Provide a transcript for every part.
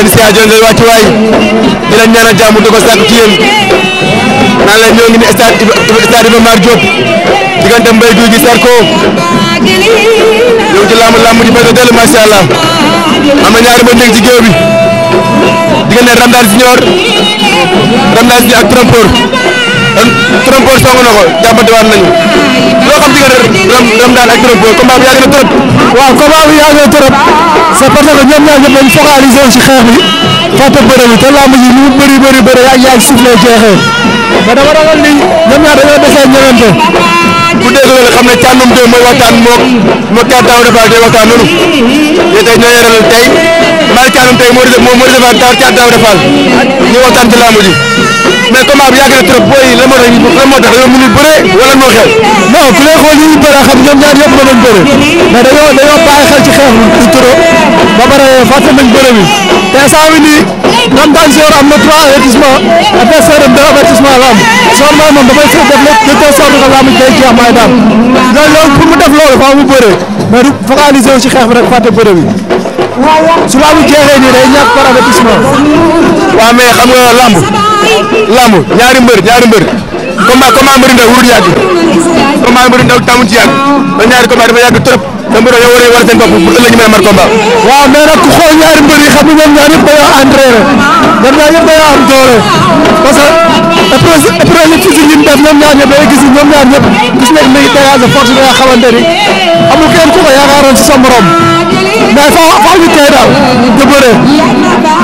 leen si rajo Ndeye wàcc waay di leen ñaanal jàmm di ko sàkk ci yéen naan leen ñoo ngi ni stade stade Iba Mar Diop diggante Mbaye Gouy Gui Zarko ñoo ngi ci làmb làmb ji bëgg a dellu macha allah am na ñaari mbër nekk ci géew bi diggante Ramdane Junior Ramdane Junior ak Trompeur. Trompeur song na ko jàppantewaat nañu loo xam diggante Ramdane ak Trompeur combat bi yàgg na trop. waaw combat bi yàgg na trop c'est parce que ñoom ñaar ñëpp dañu focaliser wu si xeex bi fàtte bëre bi te lamb ji lu mu bëri bëri bëri yaa yaa suuf lay jeexee mais dama ragal ni ñoom ne cànnum de mooy waxtaan moom moo kii daaw moo di moo di defaat daaw daaw dafa ñu waxtaan ci lamb ji. mais combat bi yàgg na trop booy yi lan moo tax ñu lan moo tax yow mënul bëre wala moo xew. ku lay xool yi xam ñoom ñaar ñëpp mënoon bëre mais ci xeex bi trop ba pare fàtte nañ bëre bi te saa wi nii Ndam am na trois avertissement adversaire am deux avertissement la am soo may moom dafay fekk def lépp de telle sorte que ci xeex bi rek fàtte bëre su laa bu jeexee nii day ñàkk par avertissement. waaw mais xam nga lamb lamb ñaari mbër ñaari mbër combat combat mbëri ndaw wurul yàgg combat mbëri ndaw tamu ci yàgg ba ñaari combat dafa yàgg trop. Dame Bouré yow war nañu war seen bopp pour ëllëg ñu mën a mën combat. waaw mais nag ku xool ñaari mbër yi xam ne ñoom ñaar yëpp dañoo entraîné ñoom ñoom ñaar ñëpp dañuy gis ñoom ñaar ñëpp gis nañ ni dégage de force bi nga xamante ni ku ko yaakaaroon ci sa morom mais faaw faaw ñu tey daal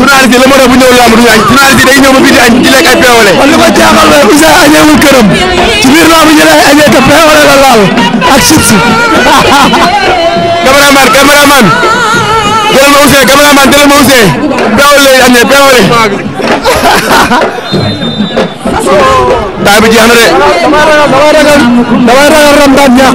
journaliste la moo tax bu ñëwul lamb du ñu añ journaliste day ñëw ba fii di añ di lekk ay peewale man li ma jaaxal la Ouzin añeewul këram ci biir lamb ñu lay añee ka peewale la laal ak chips cameraman cameraman jëlal ma Ouzin cameraman jëlal ma Ouzin peewale lay añee peewale daa bi jeex na de damay ragal damay ragal ramdaan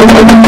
Thank you.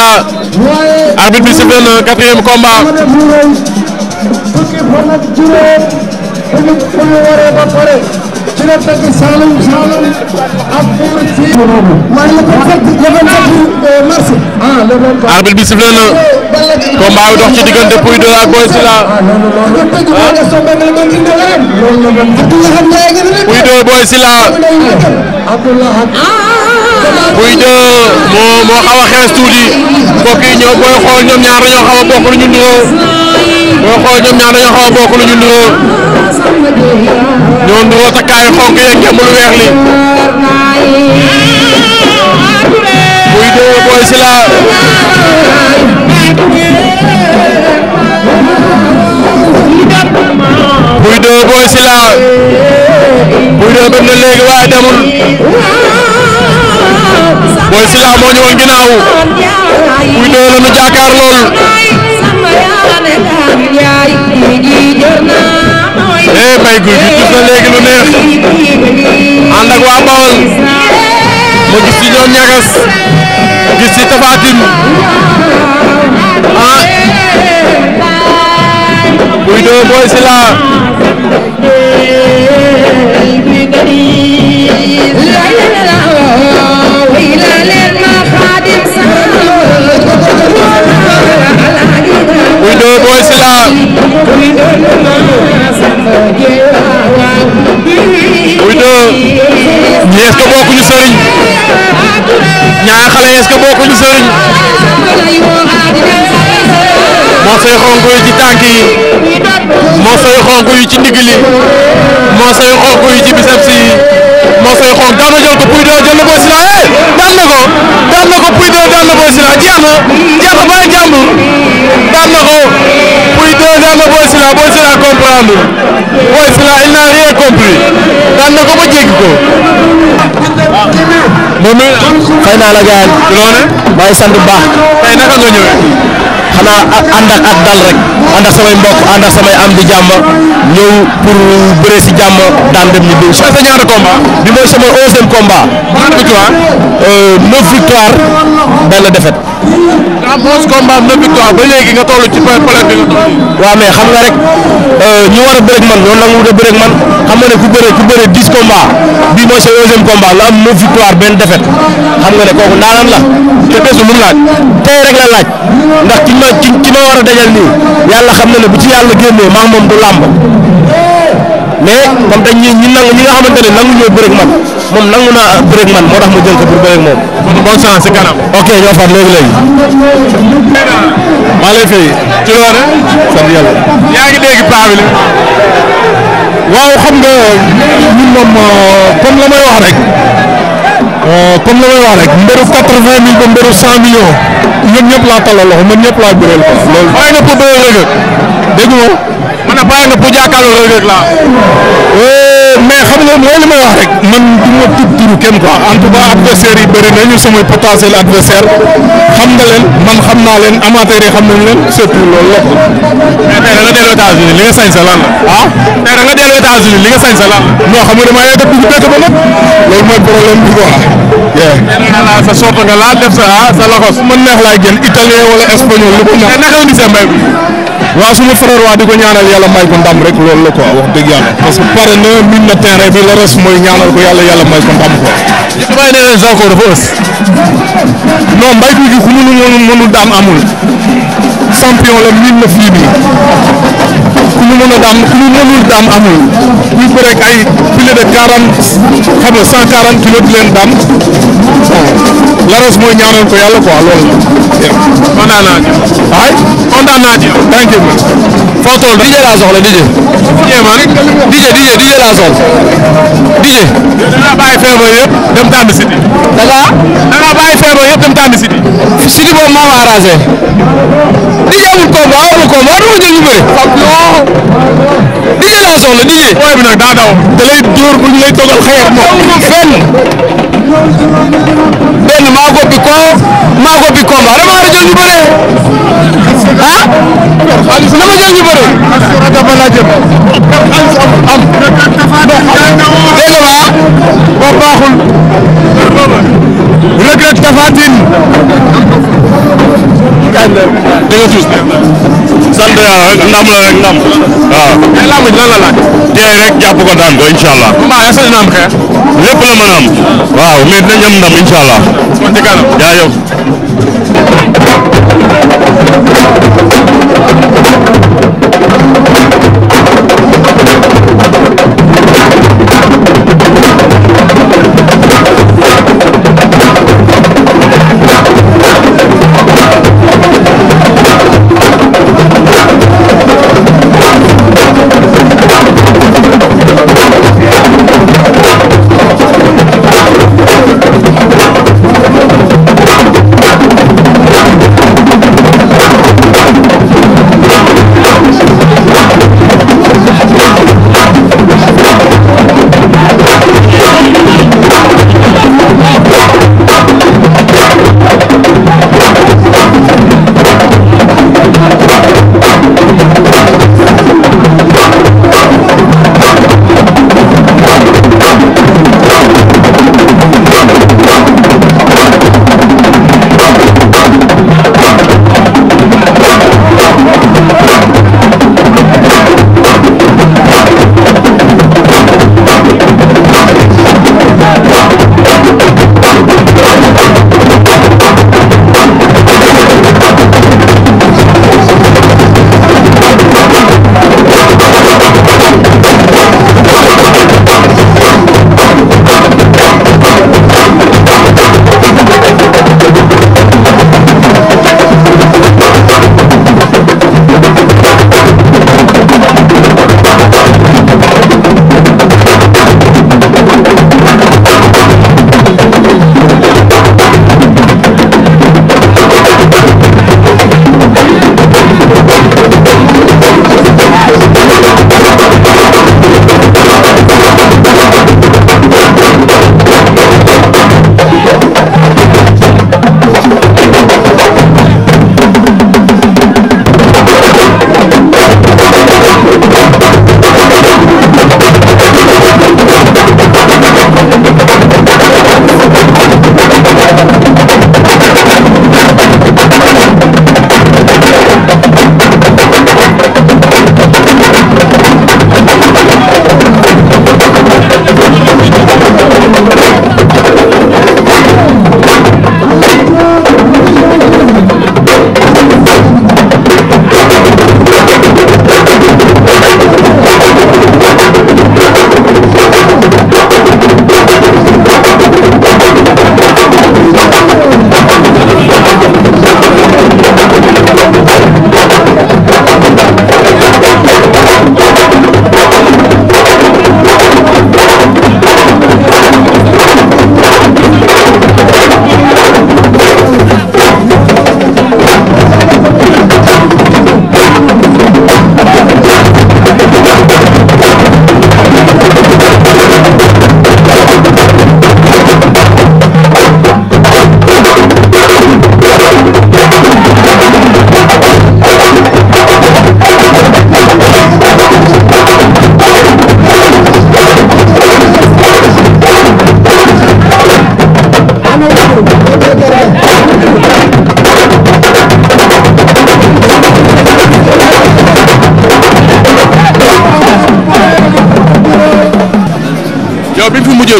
combat arbitre bi sifflé na quatrième combat arbitre bi sifflé na combat bi dox ci diggante Pouye 2 ak Boy Sylla Pouye 2 Boy Sylla Pouye 2 moo moo xaw a xees tuuti mbokk yi ñoo booy xool ñoom ñaar dañoo xaw a bokk lu ñu niroo booy xool ñoom ñaar dañoo xaw a bokk lu ñu niroo ñoo niroo takkaayu xonk yeeg ngemb lu weex li Pouye 2 Boy Sylla Pouye 2 Boy Sylla Pouye 2 dem na léegi waaye demul Boy Sila moo ñëwoon ginnaaw kuy doo la nu jàkkaar lool eh Mbaye Gouy Gui gis na léegi lu neex ànd ak waa Bawol mu gis ci ñoom ñagas gis ci Tapha Tine ah kuy doo Boy Sila Windo Boy Sylla Windo ñi est-ce que bokkuñu sëriñ ñaar xale est-ce que bokkuñu sëriñ mosoy xonk yu ci tànk yi mosoy xonk yu ci ndigli mosoy xonk yu ci biceps yi moo fay xoog daan na jël ko Pouye 2 jël na Boy Seras eh daan na ko daan na ko Pouye 2 daan na Boy Seras il n'a rien compris daan na ba jéggi ko. moom it naa la gars yi. loolu. waaye sant bu baax. nga ñëwee. xanaa ànd ak ak dal rek ànd ak samay mbokk ànd ak samay am di jàmm ñëw pour bëree si jàmm daan dem ñu biir. sa ñaata combat. bi mooy sama onzième combat. ñaata victoire. Euh, neuf victoire benn défaite. nga am 11 combats 9 victoire ba léegi nga toll ci période bi nga toll. waaw mais xam nga rek euh, ñu war a bëreeg man ñoo nangu wut a bëreeg man xam nga ne ku bëree ku bëree 10 combats bii mooy sa am 9 benn défaite xam nga ne kooku ndaanaan la te desul mu laaj tey rek la laaj ndax ki ma ki ma war a dajal nii yàlla xam na ne bu ci yàlla génnee maa moom du làmb. mais comme dañ ñu ñi nangu ñi nga xamante ne nangu ñoo bëreeg man moom nangu naa bëreeg man moo tax mu jël ko pour bëreeg moom. bon sang si kanam. ok ñoo far léegi léegi. maa lay fay. ci loone sant yàlla. yaa ngi dégg paa bi waaw xam nga ñun moom euh, comme la may wax rek euh, comme la may wax rek mbëru quatre vingt mille ba mbëru cent millions ñoom ñëpp laa talal loxo man ñëpp laa bëreel ko. loolu bàyyi na pour bëreel rek dégg nga nga pare nga pour jàkkaarloo Reug Reug laa. Eh, mais xam nga mooy li may wax rek man du ma tudd turu kenn quoi en tout cas adversaire yi bëri nañu samay potentiel adversaire xam nga leen man xam naa leen amateurs yi xam nañ leen surtout loolu lépp. mais tey da li nga sañ sa lan la. ah tey da nga dellu États-Unis li nga sañ sa lan la. non xam nga dama yàgg a dugg dëkk ba nag loolu mooy problème bi quoi. mais sa sorte nga laa def sa ah, sa lakos. man neex laay génn italien wala espagnol lu ko neex. mais naka indi sa mbay waaw suñu frère waa di ko ñaanal yàlla may ko ndam rek loolu la quoi wax dëgg yàlla parce que pare na min na terrain bi la res mooy ñaanal ko yàlla yàlla ko ndam mbay ku ji ku mënu mënu daan amul champion la min na fii nii. ku ñu mën a daan ku ñu mënul daan amul ñu bëreeg ay plus de quarante xam nga cent quarante kilos di leen daan bon Laros mooy ñaanal ko yàlla quoi loolu la. jërëjëf kontaan naa ci. waay kontaan naa ci yow. thank you man. foo toll DJ laa soxla DJ. DJ man DJ DJ DJ laa soxla DJ. danaa bàyyi feebar yëpp dem tànn Sidi. danaa. danaa bàyyi feebar yëpp dem tànn moo ma arrangé. DJ non. Didier laa soxla Didier. booy bi nag daa daw. da lay dóor bu ñu lay togal xeer moom. ma fenn. benn maa ko bi ko maa ko bi combat dama war a jël ñu bëree. ah. dama jël ñu bëree. dafa laa jëm. am. dégg nga waa. boo baaxul. regret Tapha Tine. dégg nga tuuti. sant yàlla rek la rek ndam waaw. mais làmb ji lan la laaj. tey rek jàpp ko daan ko incha allah. mbaa est-ce que dina am xeex. lépp la mën a am. waaw mais dinañ am ndam incha allah.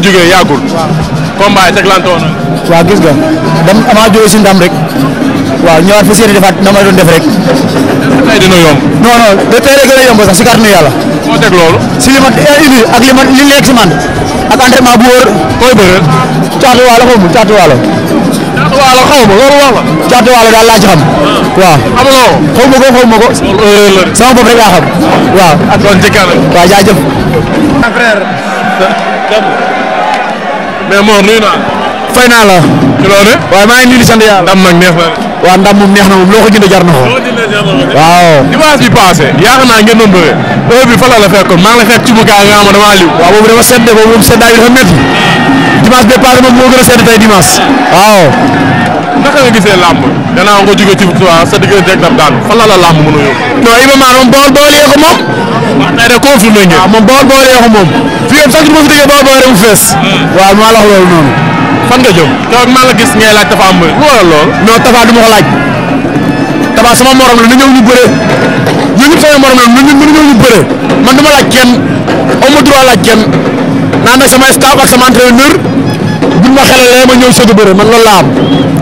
fa jógee yàggul. waaw gis nga dam amaa jóge si ndam rek waaw ñëwaat fa seen defaat na ma doon def rek. tey dina yomb. non non de tey rek gën a yomb sax si kàttanu yàlla. moo teg loolu. si li ma eh, indi ak li ma li nekk si man ak entraînement bu wóor. koy bëreel. caatu waalo xaw ma caatu waalo. caatu waalo xaw ma loolu wax la. caatu waalo daal laa ci xam. Ah. waaw amuloo. xaw ma ko xaw ma ko. sama bopp rek laa xam. waaw. ak jaajëf. mais Mor nuyu naa fay naa la. ci loolu waaye maa ngi nii di sant yàlla. ndam nag neex na. waaw ndam moom neex na moom loo ko jëndee jar na ko. waaw. dimanche bi passé yaakaar naa ngeen doon bëree. heure bi fa la la maa ngi la fekk ci mu gaa nga xam ne damaa liw. waaw boobu dafa sedd boobu moom bi dafa métti. dimanche bi passé moom moo a sedd waaw. naka nga gisee làmb danaa nga jóge ci victoire sa diggante ak dab daan fan la la làmb mën a yóbbu. non Iba Mar moom bool bool yee ko moom. waaw tey de confirmé ngeen. waaw ah, moom bool bool yee ko moom. fii yëpp sax du ma fi déggee bool bool rek mu fees. Hmm. waaw maa la wax loolu noonu. fan nga jëm. donc maa la gis ngay laaj Tafa am bëri. wala lool non Tafa du ma ko laaj. Tafa sama morom la na ñëw ñu bëree. ñun ñëpp sama morom la na ñëw ñu bëree. man du ma laaj kenn aw ma droit laaj kenn naan nag sama staff ak sama entraîneur a ma xelalee ma ñëw sëgg bëre man loolu laa am.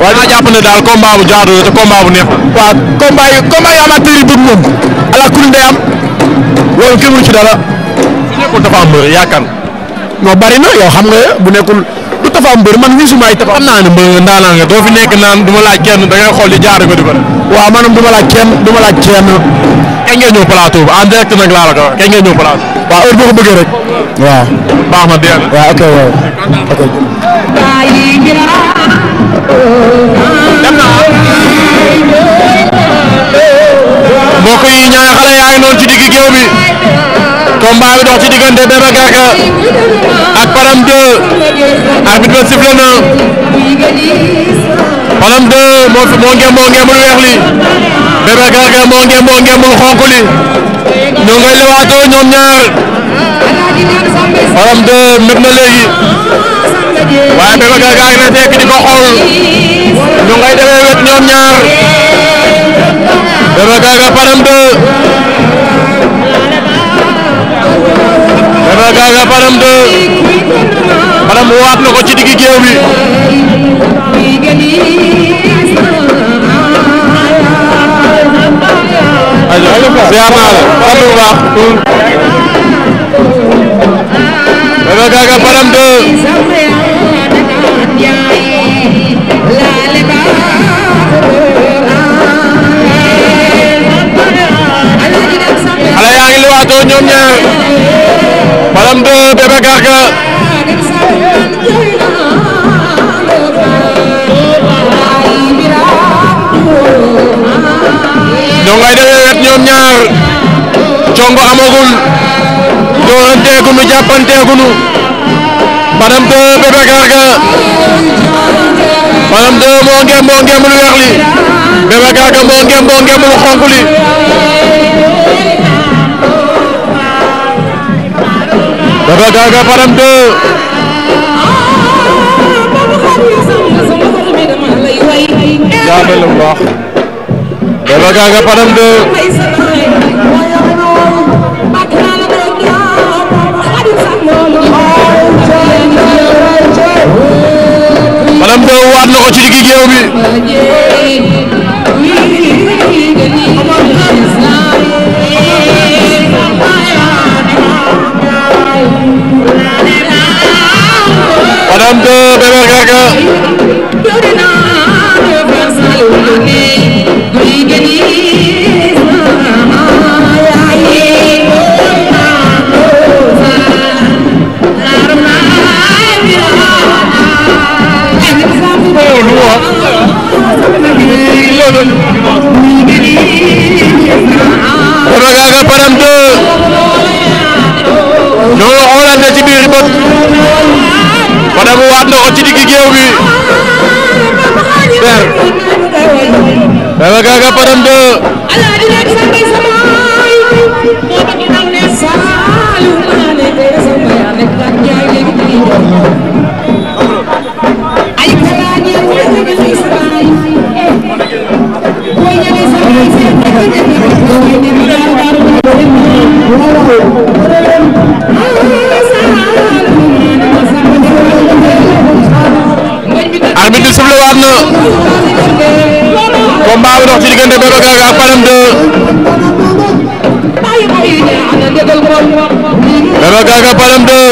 waaye dinaa jàpp ne daal combat bu jaadu la te combat bu neex waaw combat yi combat yi amateur yi am loolu kenn mënu ci dara. su nekkul dafa am mbër yaakaar bari na yow xam nga bu nekkul du tafa am mbër man wisuma ay tafa. xam naa ne mbër ndaanaan nga doo fi nekk naan du ma laaj kenn da xool jaar ko di bëri. waaw maanaam du ma laaj kenn du ma laaj kenn. kañ ba en direct na laa la ko wax kañ boo ko bëggee rek. waaw baax na dégg nga. waaw ok waaw mbokk yi ñaari xale yaa ci digg géew bi combat bi dox ci diggante Bébé Garga ak Palam 2 arbitre bi sifflé na Palam 2 moo moo ngem moo ngemul weex li Bébé Garga moo ngem moo ngemul xonk li ñoo ngay ñoom ñaar Palam 2 méb na léegi waaye Bébé Garga gaa ngi lay fekk di ko xool ñu ngay demee wet ñoom ñaar Bébé Garga Paname 2 Bébé Garga Paname 2 Paname waat na ko ci diggi géew bi siyaar naa la sant bu baax Bébé Garga Paname 2 xale yaa ngi liwaatoo ñoom ñaar Palame 2 Bébé Garga ñoo ngay demee wet ñoom ñaar congo amagul dooranteegunu jàppanteegunu Fadam 2 Bébé Garga Fadam lu weex li Bébé Garga moo ngeem lu xonk li Bébé Garga Fadam Fadam 2 na ko ci diggi géew bi Fadam 2 Modou Ragaagal Param 2 ñoo xoolante ci biir bët Param waat na ko ci digg géew bi arbitre sifflé waat na combat bi dox ci diggante Bébé Garga ak Palme 2 Bébé Garga Palme 2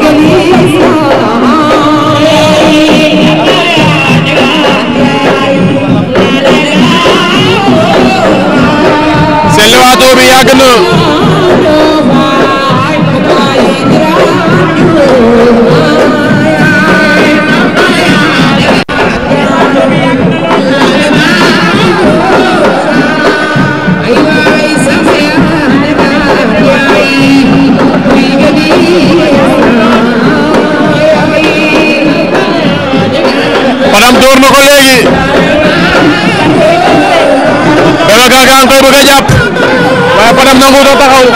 Thank you. Fadam door na ko léegi Bébé Garga nga koy bëgg a jàpp waaye Fadam nangu ko taxaw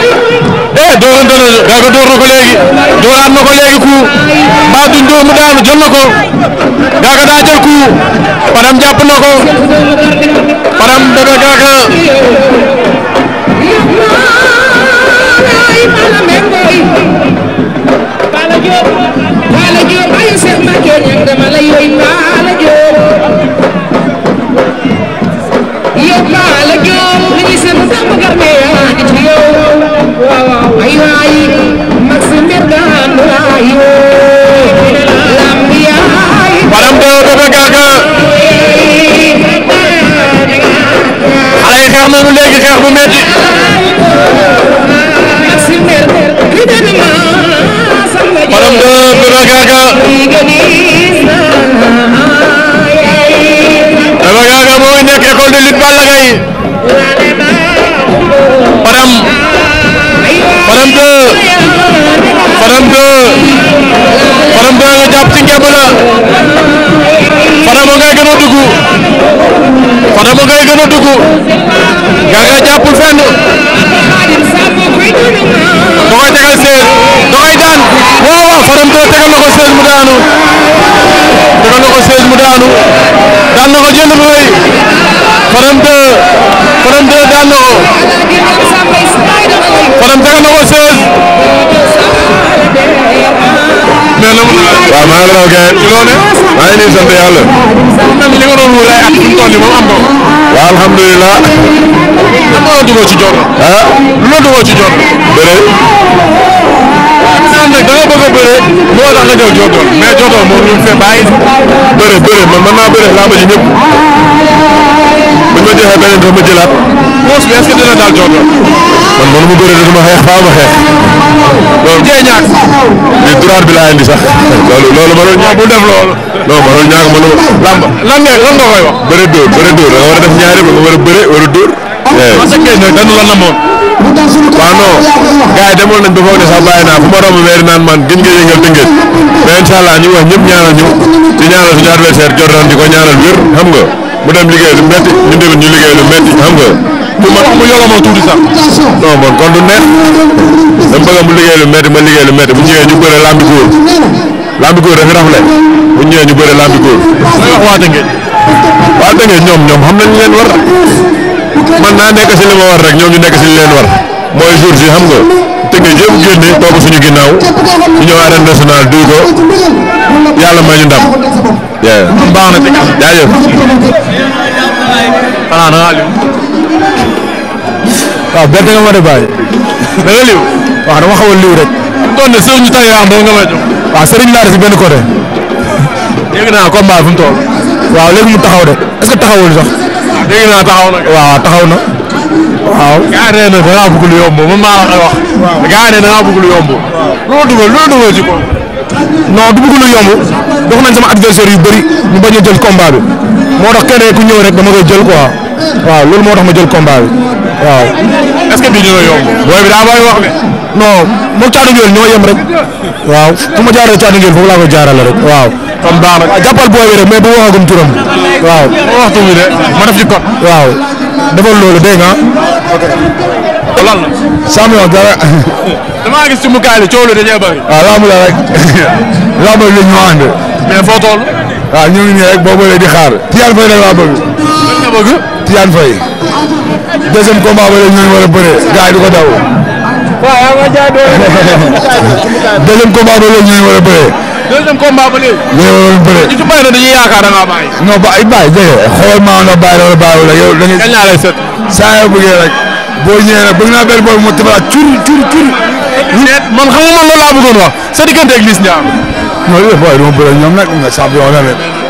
doorante na Garga door na ko léegi dooraat na ko léegi ku mbaa duñ door mu daanu jël na ko Garga daa ku Fadam jàpp na ko Fadam bébé Garga Bala Diop Bala Diop ay Cheikh Mbacke xeex nañu léegi xeex moo ngi nekk école de lutte Balla Gaye madame madame de madame de madame de nga jàpp ci ngemb la Fadam ngay gën a dugg Fadam Garga jàppul fenn da koy tegal sees da koy daan waaw waaw Fadam do tegal na ko sees mu daanu tegal na ko sees mu daanu daan na ko jël bu rëy Fadam do Fadam do daan na ko Fadam tegal na ko mais na mu na waaw maa ngi raw gay loone maa ngi nii sant yàlla mel ni li nga doon wóor ay at fi mu toll nii moom am nga waaw alhamdulilah lan moo la dugal ci jot ah lu la dugal ci jot bëre da nga bëgg a bëre moo tax nga jël jotoon mais jotoon moom ñu fee bàyyi bëre bëre man mën naa bëre làmb ji ñëpp buñ ma joxee beneen dama jëlaat moos bi est-ce que dina daal jotoon man mënuma bëre dama xeex faa ma xeex loolu jéeg ñaar li droit bi laa indi sax loolu loolu mënul ñàkk bu def loolu. non mënul ñàkk mënul làmb lan nga war a def ñaari ba nga war a bëre war a dóor. Eh. Eh. ma sa kee nag dañu la namoon. waaw non gars yi demoon nañ ba foog naa fu ma romb weer naan man gën nga yëngal tëngëj allah ñu wax ñëpp ñaanal ñu di ñaanal suñu adversaire Jordan di ko ñaanal wér xam nga mu dem liggéey lu métti ñu ñu liggéey lu métti xam nga man mu yoro ma tuuti sax non man kon du mu liggéey lu métti ma liggéey lu métti bu ñëwee ñu bëre lambi góor lambi góor dafa rafle bu ñëwee ñu bëre lambi góor may wax waa ñoom ñoom xam nañ leen war man naa nekk si li war rek ñoom ñu nekk si leen war mooy jour si xam nga Tëngéej yëpp génne toog suñu ginnaaw ñu ñëw arène nationale duy ko yàlla may ñu ndam baax na waaw bett nga ma de bàyyi. da liw. waaw dama xaw a liw rek. doon ne sëriñ tay yaa am nga may jox. waaw sëriñ laa si benn côté. dégg naa combat fu mu toll. waaw léegi mu taxaw de est que taxawul sax. Ah, dégg naa taxaw na. waaw taxaw na. waaw. gaa nee na dangaa bëgg lu yomb man na dangaa bëgg du bëgg lu yomb. dox nañ adversaire yu bëri ñu bañ a jël combat bi. moo tax keneen ku ñëw rek dama koy jël quoi. waaw loolu moo tax ma jël combat waaw. est-ce que bii dina yomb. booy bi daa booy wax de. non moom Thiatou Nguéweul ñoo yem rek. waaw fu ma jaarale Thiatou Nguéweul foofu laa ko jaarale rek waaw. kon baax na ah, jàppal booy bi rek mais bu waxagum turam. waaw bu waxtu bi de ma def ci kot. waaw defal loolu dégg nga. ok lan la. saa mi wax waaw laamu la rek laamu foo toll. waaw ah, ñu ngi nii rek boo boolee di xaar. Tidiane Faye nag laa bëgg. lan nga bëgg. Tidiane deuxième combat ba léegi ñu war a bëree gars yi du ko daw. waaw ma jaay doole. deuxième combat ba léegi ñu war a bëree. deuxième combat ba léegi. ñu war a bëree. ñu ci bëri na dañuy yaakaar da ngaa bàyyi. non ba ay bàyyi jege xool maa nga bàyyi la wala bàyyi la yow da ngay. kañ laa lay set. saa yoo bëggee rek boo ñëwee rek bëgg naa benn boobu mu tëbalaat cur cur cur. ñeent man xam nga man loolu laa bëggoon wax sa diggante ak Liss Ndiago. non yooyu booy du ma bëre ñoom nag champion la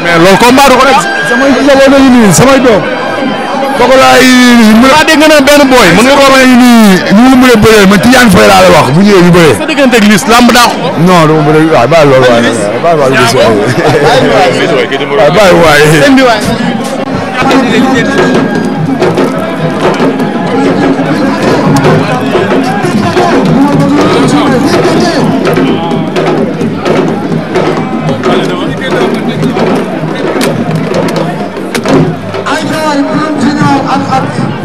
mais loolu combat du ko rek. samay njaboot la ñu nii samay doom Pokola yi mu la dégg nga naan benn booy mën nga ko may nii ñu lu mën a bëree man Tidiane Faye laa la wax bu ñëwee ñu bëree sa diggante ak Liss lamb daax non dama bëri waay bàyyi loolu waay bàyyi waay Liss waay bàyyi waay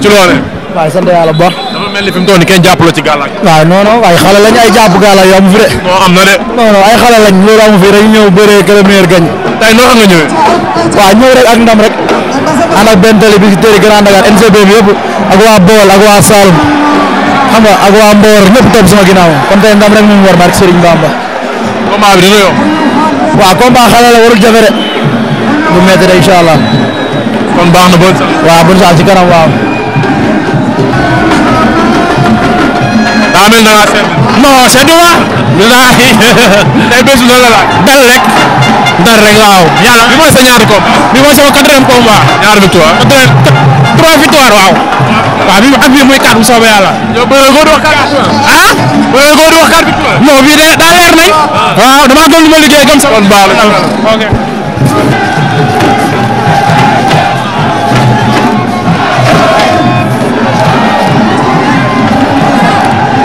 ci loolee. waaw sant yàlla bu baax. dafa mel ni fi mu toll nii kenn jàppaloo ci gàllaaj. waaw non non ay xale lañ ay jàpp gàllaaj amu fi de. non am na de. non non ay xale lañ loolu amu fi rek ñëw bëree que le meilleur gagne. tey noo xam nga ñëwee. waaw ñëw rek ak ndam rek. ànd ak benn télé bi ci tëri Grand Dakar NCB bi yëpp ak waa Bawol ak waa Saloum xam nga ak waa Mbor ñëpp topp sama ginnaaw kon tey ndam rek ñu war barke Serigne Bamba. combat bi dina yomb. waaw combat xale la warul jafe de. bu métti de incha allah. kon baax na bon sax. waaw bon sax ci kanam waaw. daa mel ne laa seetlu. non seetlu ma. bilaay. tey bésu loolu la laaj. dal rek. dal rek waaw. yàlla bi mooy sa ñaari combat. bi mooy sama quatrième combat. ñaari victoire. quatrième trois victoire waaw. waaw bi ak bii muy quatre bu soobee yàlla. yow bëree góor di wax quatre victoire. ah. bëree góor di wax quatre victoire. non bii de daa leer nañ. Ah. waaw damaa gëm lu ma liggéey gëm sa. kon baax la ok.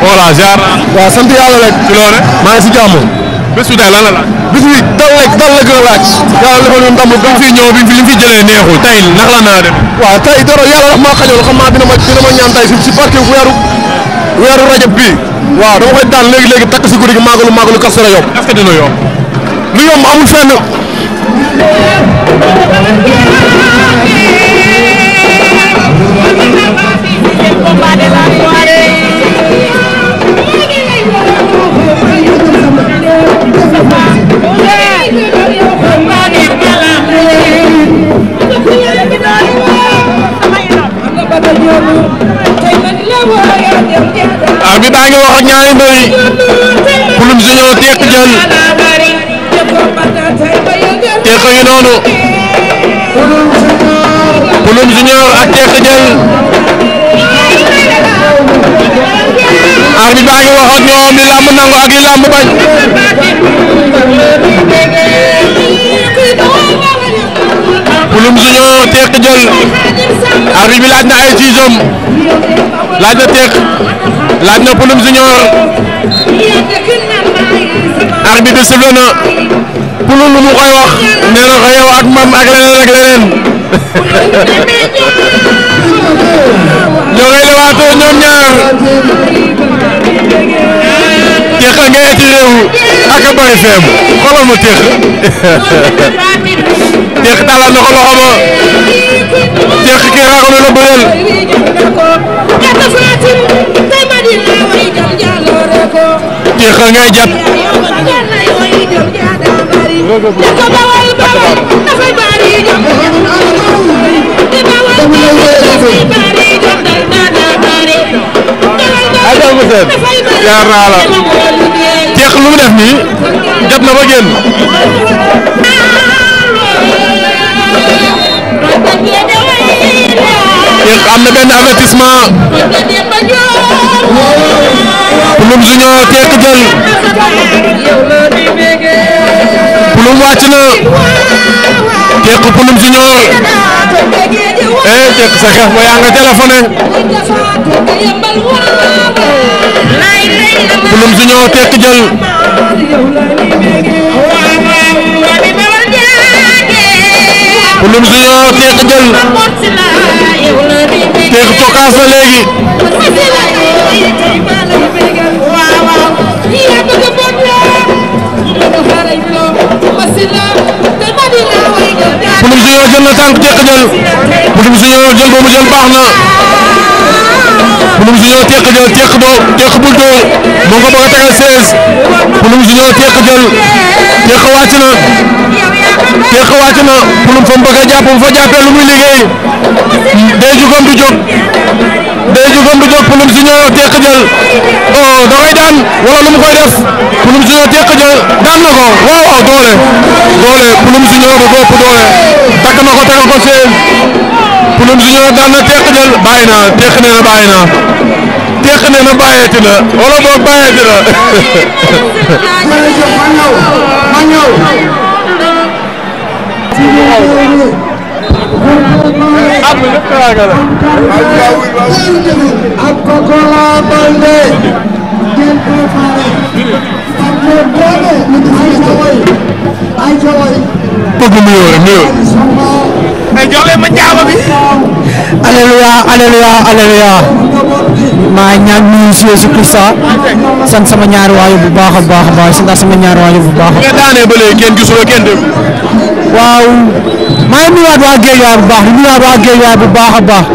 voilà jaar waaw sant yàlla rek. maa ngi si jàmm. bés bi daal lan la laaj. bés bi dal la dal la gën a laaj. yàlla defal fi ñëw bi fi li jëlee neexul tey naka la naa dem. waaw tey dara yàlla wax maa xajoon xam naa dina ma ma ñaan tey si barke weeru weeru rajab bii. waaw dama koy daan léegi léegi takk si guddi gi maagalu maagalu a dina yomb. est-ce que dina yomb. arbitre baa ngi wax ak ñaari mbër yi Pulum Junior Tekk jël Tekk ngi noonu Pulum Junior ak Tekk jël arbitre baa ngi wax ak ñoom li làmb nangu ak li làmb bañ Pulum Junior Tekk jël arbitre bi laaj na ay siisam laaj na Tekk laaj na Pulum Junior arbitre bi sifflé Pulum lu mu koy wax nee na ko yow ak mam ak leneen ak leneen ñoo ngay lewaatoo ñoom ñaar teex a ngay étiré wu ak a booy FM xoolal ma teex teex dalal na ko loxo ma teex kii raxoon na bëreel teex a ngay jat dafay bari déedéet yaar naa la jeex lu mu def nii jot na ba génn. jeex am na benn avertissement Pulum Junior Tek jël Pulum wàcc na Tek Pulum Junior. eh jekk sa xeex ba yaa nga téléphoné. bulum si ñoo tekki jël. bulum si ñoo tekki jël. tekki cokaas na léegi. Poundou Junior jël na tànk tekk jël Poundou Junior jël boobu jël baax na Poundou Junior tekk jël tekk doo tekk bul doo moo ko bëgg a tegal 16 Poundou Junior tekk jël tekk wàcc na tekk wàcc na Poundou fa mu bëgg jàpp fa jàppee lu muy liggéey day jugam day jógoon du jóg Pulum Junior teq jël oh da koy daan wala nu mu koy def Pulum Junior teq jël daan na ko waaw waaw doole doole Pulum Junior ko na ko teq jël bàyyi na teq nee na na teq nee na bàyyeeti na wala boog bàyyeeti na. am na lépp teraanga la. ak kooku laa mën de. ngeen préparé. ak ñoom doole. ay jawoy ay jawoy bëgg nuyoo rek nuyoo. mais jox leen bi. maa ñaan nuyu si Jésus Christ sant sama ñaari waajur bu baax a baax a baax sant sama ñaari waajur bu baax a baax. nga daanee ba léegi kenn gisuloo dem. waaw maa ngi nuyuwaat baax di waa Guédiawaye bu baax a baax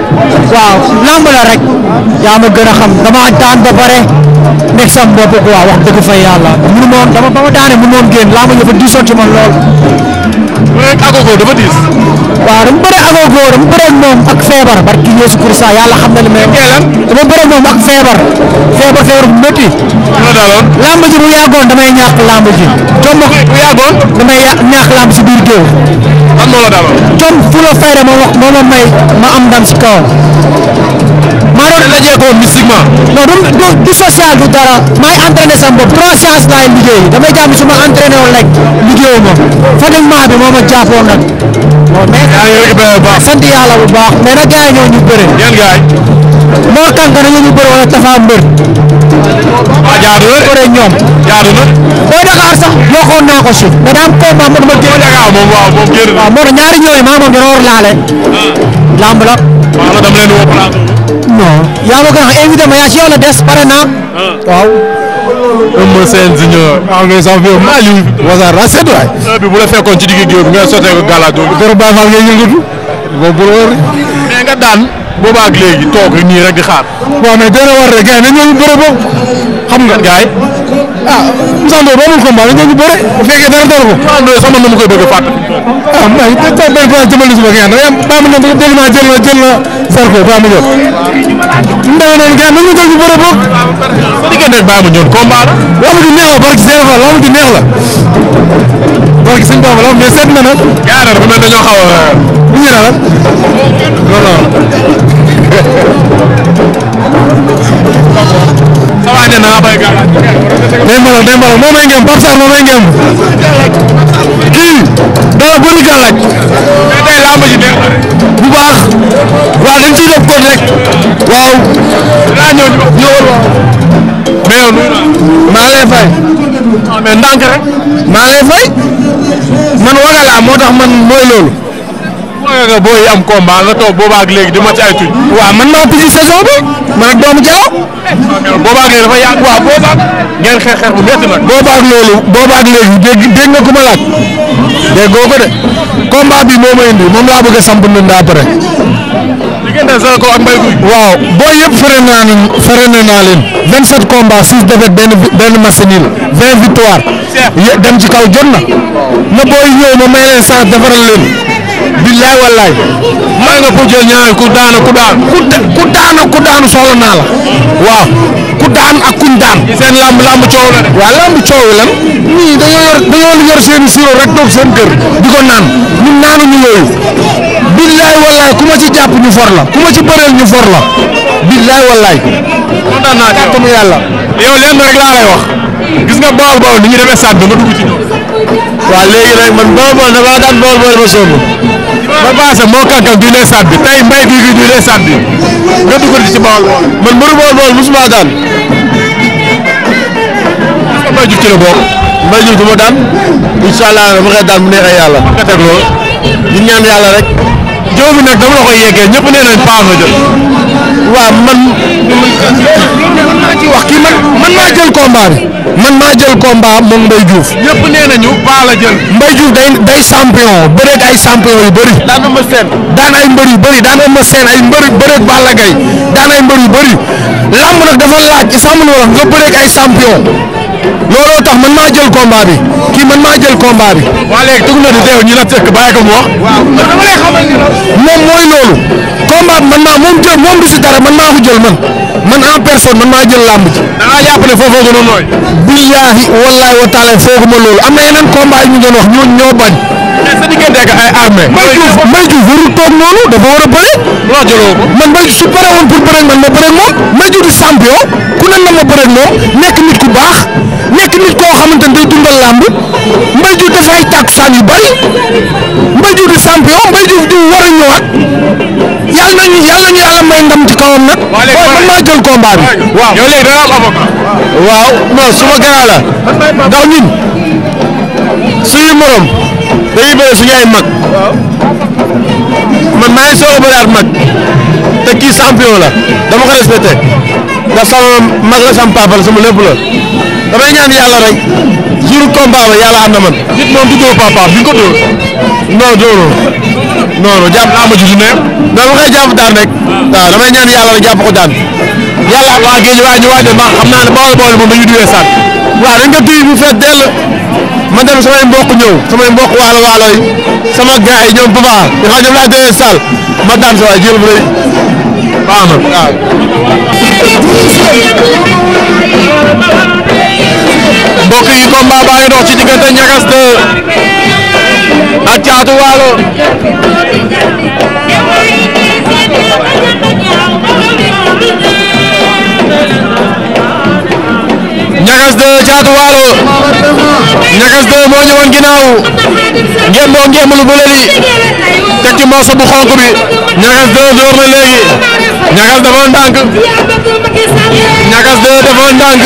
waaw lamb la rek yaa ma gën a xam dama daan ba pare nekk sama bopp quoi wax dëgg fa yàlla mënu ma dama ba ma daanee mënu ma woon génn lamb ñëpp lool. rek agogo dafa diis. waaw dama bëre agogo dama bëre ak moom ak feebar barki Yesu Kirista yàlla xam na li may wax. dama bëre ak moom feebar. feebar feebar bu métti. dina daaloon làmb ji bu yàggoon damay ñàkk làmb ji. comme bu yàggoon damay ñàkk làmb si biir géew. am na loo daaloon. comme fu ma wax moo ma may ma am si kawam. non du du du dara may entraîné sama bopp trois séances laay liggéey damay jàpp su ma entraîné woon rek liggéeyu ma fatigement bi moo ma jàppoon nag. bon mais waaw sant yàlla bu baax mais nag gars yi ñoo ñu bëre. yan gars yi. moo kànka dañoo ñu bëre wala Tafa Mbër. waaw ah, jaadu na bëre ñoom. jaadu na. booy Dakar sax waxoon naa ko suuf mais daan combat ma. waaw moom moom génn na. waaw ñaari ñooy maa moom dana laale. Ah. lamb la. waaw man dama leen woo plateau. non yaa ma ko wax invité ma yaa ci yow la des pare naa. Ah. waaw. Eumeu Sène Junior. waaw ah, ngay sax fi Maliou. wasaar la seet waay. Ah, bi bu la fekkoon ci digg géew bi nga sottee ko gala doo. Dóor Baye Fall ngay yëngatu. boobu bu la war. mais nga daan. boobaa ak léegi toog nii rek di xaar. waaw mais dana war rek gars yi nañu bëre boobu. xam nga gars ah Moussa Ndoye boobu combat la ñu bëre bu fekkee dara dara ah, mu koy bëgg a fàtte ah may ñu bëre mu ñor combat la a nee na bay gàllankoor. day mbalal day mbalal moom ay ngeen Pape moom ay ngeen kii dara bëri gàllaaj. mais tey làmb ji neex na bu baax waaw dañ waaw. dinaa ñëw ñëwal waaw. fay. waaw mais ndànk fay. man wagala moo tax man mooy loolu. nga nga booy am combat nga toog boobaag léegi dama ci ay tuñ. waaw man maa tijji saison bi man ak doomu jaaw. boobaag léegi dafa yàgg waaw boobaag ngeen xeex xeex bu métti nag. boobaag loolu boobaag léegi dégg dégg nga ku ma laaj déggoo ko de combat bi moo ma indi moom laa bëgg a samp ndënd après. diggante Zarko ak Mbaye Gouye. waaw booy yëpp fere naa leen fere naa leen 27 combats 6 défaites benn benn match nul 20 victoire. dem ci kaw jot na na booy ñëw ma may leen chance defaral leen. billaay wallaay may nga ko jël ñaareel ku daanu ku daan ku daanu ku daanu soxla naa la waaw ku daan ak kuñ daan seen lamb lamb coow la de waaw lamb coow lan ñii dañoo yor dañoo yor seen siro rek toog seen kër di ko naan ñun naanuñu yooyu billaay wallaay ku ma ci jàpp ñu for la ku ma ci bëreel ñu for la billaay wallaay kontaan naa rek laa lay wax gis nga bool bool ni ñu demee stade bi nga dugg ci ñoom. waaw léegi nag man bool bool damaa daan bool ba sonn. ba passé moo kànkam du ne stade bi mbay gi gi du ne stade nga dugg ci bool man mbëru bool bool mosuma daan. mbay jub ci la bokk. mbay jub du ma daan incha allah ma koy mu neexee yàlla. nga teg loolu. ñu ñaan yàlla rek. jëw bi nag dama la koy yeggee ñëpp nee nañ paa nga jël. waaw man maa ci wax kii man man maa jël combat bi man maa jël combat moom Mbaye Diouf. ñëpp nee nañu baa la jël. Mbaye Diouf day day champion bëreeg ay champion yu bëri. daan na ay mbër yu bëri daan na ay mbër bëreeg Balla Gaye daan ay yu bëri lamb nag dafa laaj sàmm na nga bëreeg ay champion looloo tax man maa jël combat bi kii man maa jël combat bi. waa léegi na di teew ko mu wax. waaw moom mooy loolu. combat man maa moom jël moom du si dara man maa ko jël man man en personne man maa jël làmb ji. da ngaa jàpp ne foofoo gënoon nooy. ma loolu am na ñu doon wax ñooñu ñoo bañ. mais sa diggante ak ay armée. Mbaye Diouf Mbaye Diouf noonu dafa war a bëre. loo jëloo ko man Mbaye Diouf su pare woon pour bëre man ma bëre moom may Diouf di champion ku ne na ma bëre moom nekk nit ku baax nekk nit koo xamante ne day dundal làmb Mbaye Diouf dafay tàkk saan yu bari Mbaye Diouf di champion Mbaye Diouf di war a ñëwaat. yàlla nañu yàlla nañu yàlla may ndam ci kawam nag. waaw léegi man maa jël combat bi waaw. yow léegi da nga la. ndax ñun suñu morom dañuy bëre suñu ay mag. man maa ngi soog a mag te kii la dama ko respecté ndax sama mag la sama papa la damay ñaan yàlla rek jour combat ba yàlla ànd man. nit moom du dóor papa bi nga ko dóor. non dóoroo. non non jàpp naa ma ci ne. non ma koy jàpp daan rek. waaw damay ñaan yàlla rek jàpp ko daan. yàlla ak waa géej waaye ñu waajal ma xam naa ne bawol bawol moom dañuy duwee saat. waaw dañ ko tuy bu fees dell. man dem samay mbokk ñëw samay mbokk waalo waalo yi sama gars yi ñoom papa yi xam ñoom laa déggee saal ma daan sa waay jël bu rëy baax na waaw. mbokk yi combat baa ngi dox ci diggante ñagas de. ak caatu waalo de caatu waalo ñagas de moo ñëwoon ginnaaw ngeen boo ngeen lu bële li teg ci morso bu xonk bi ñagas de door na léegi ñagas defoon ndànk ñagas de defoon ndànk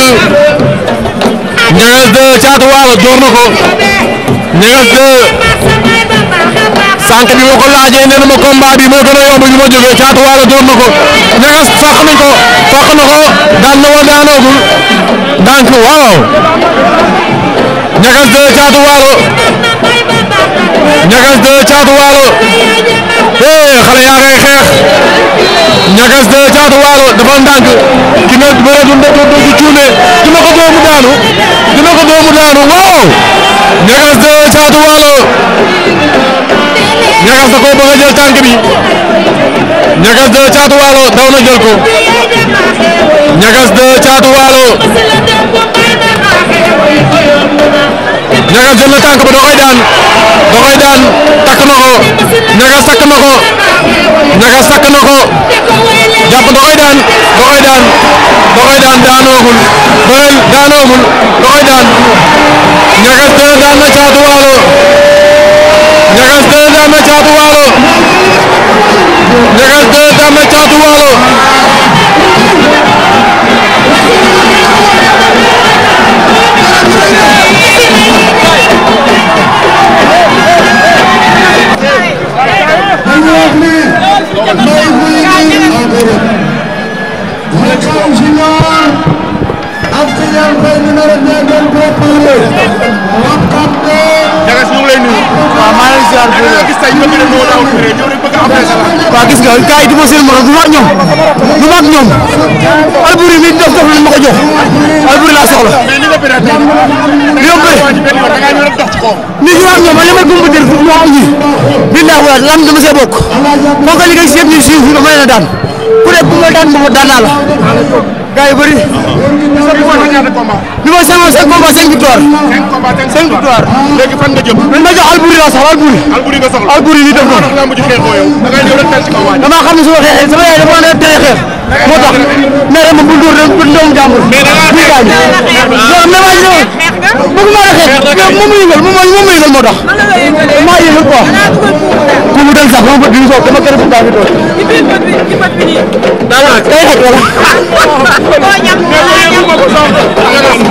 ñagas de caatu waalo door na ko ñagas de. sànq bi ma ko laajee a yomb caatu waalo door na ko ñagas fàq na ko fàq caatu waalo ñagas de caatu waalo eh xale xeex ñagas de caatu waalo dafa ndànk ki nga bëre du ndëgg du cuune dina ko doomu daanu dina ko doomu daanu waaw ñagas caatu waalo. ñagas da koo bëgg a jël tànk bi ñagas de caatu waalo daw na jël ko ñagas de caatu waalo ñagas jël na tànk ba da koy daan da koy daan takk na ko ñagas takk na ko ñagas takk na ko jàpp da koy daan da koy daan da koy daan daanoogul doyel daanoogul da koy daan ñagas de daan na caatu waalo Ñagas 2 daan na Caatu Waalo Ñagas 2 daan na Caatu Waalo Junior, Abdou Yane Faye numéro 2 doon préparé lay nuyu. waaw maa ngi lay ziar bu wér. na a am ñoom du ma ñoom Alboury mi def dox na ma ko jox Alboury laa soxla. mais ni nga bëree da ngaa ñëw rek dox ci ñoom man ma gëm a déglu moo ñi. biñ laa wér lan dama see bokk. moo ko liggéey si yëpp ñu suuf dama leen a daan ku nekk bu ma daan ma daan naa la. gars yu niveau cinq cinq combats cinq victoire. cinq combats cinq victoire. léegi fan la jëm. man ma jox Albouri laa soxla Albouri. Albouri nga soxla Albouri lii def ko. da ngay ñëw rek teel si kaw waaj. damaa ne ma xeexee sama yaay dafa nekk a xeex. moo tax mais ren moom bu dóor bu doomu jàmbur. mais da ngaa xeex da ngaa xeex waaw maa ngi ñëw. mu yëngal moom moo tax. maa yëngal quoi. ku mu dal sax ba mu bët bi mu soog dama kër bu baax bi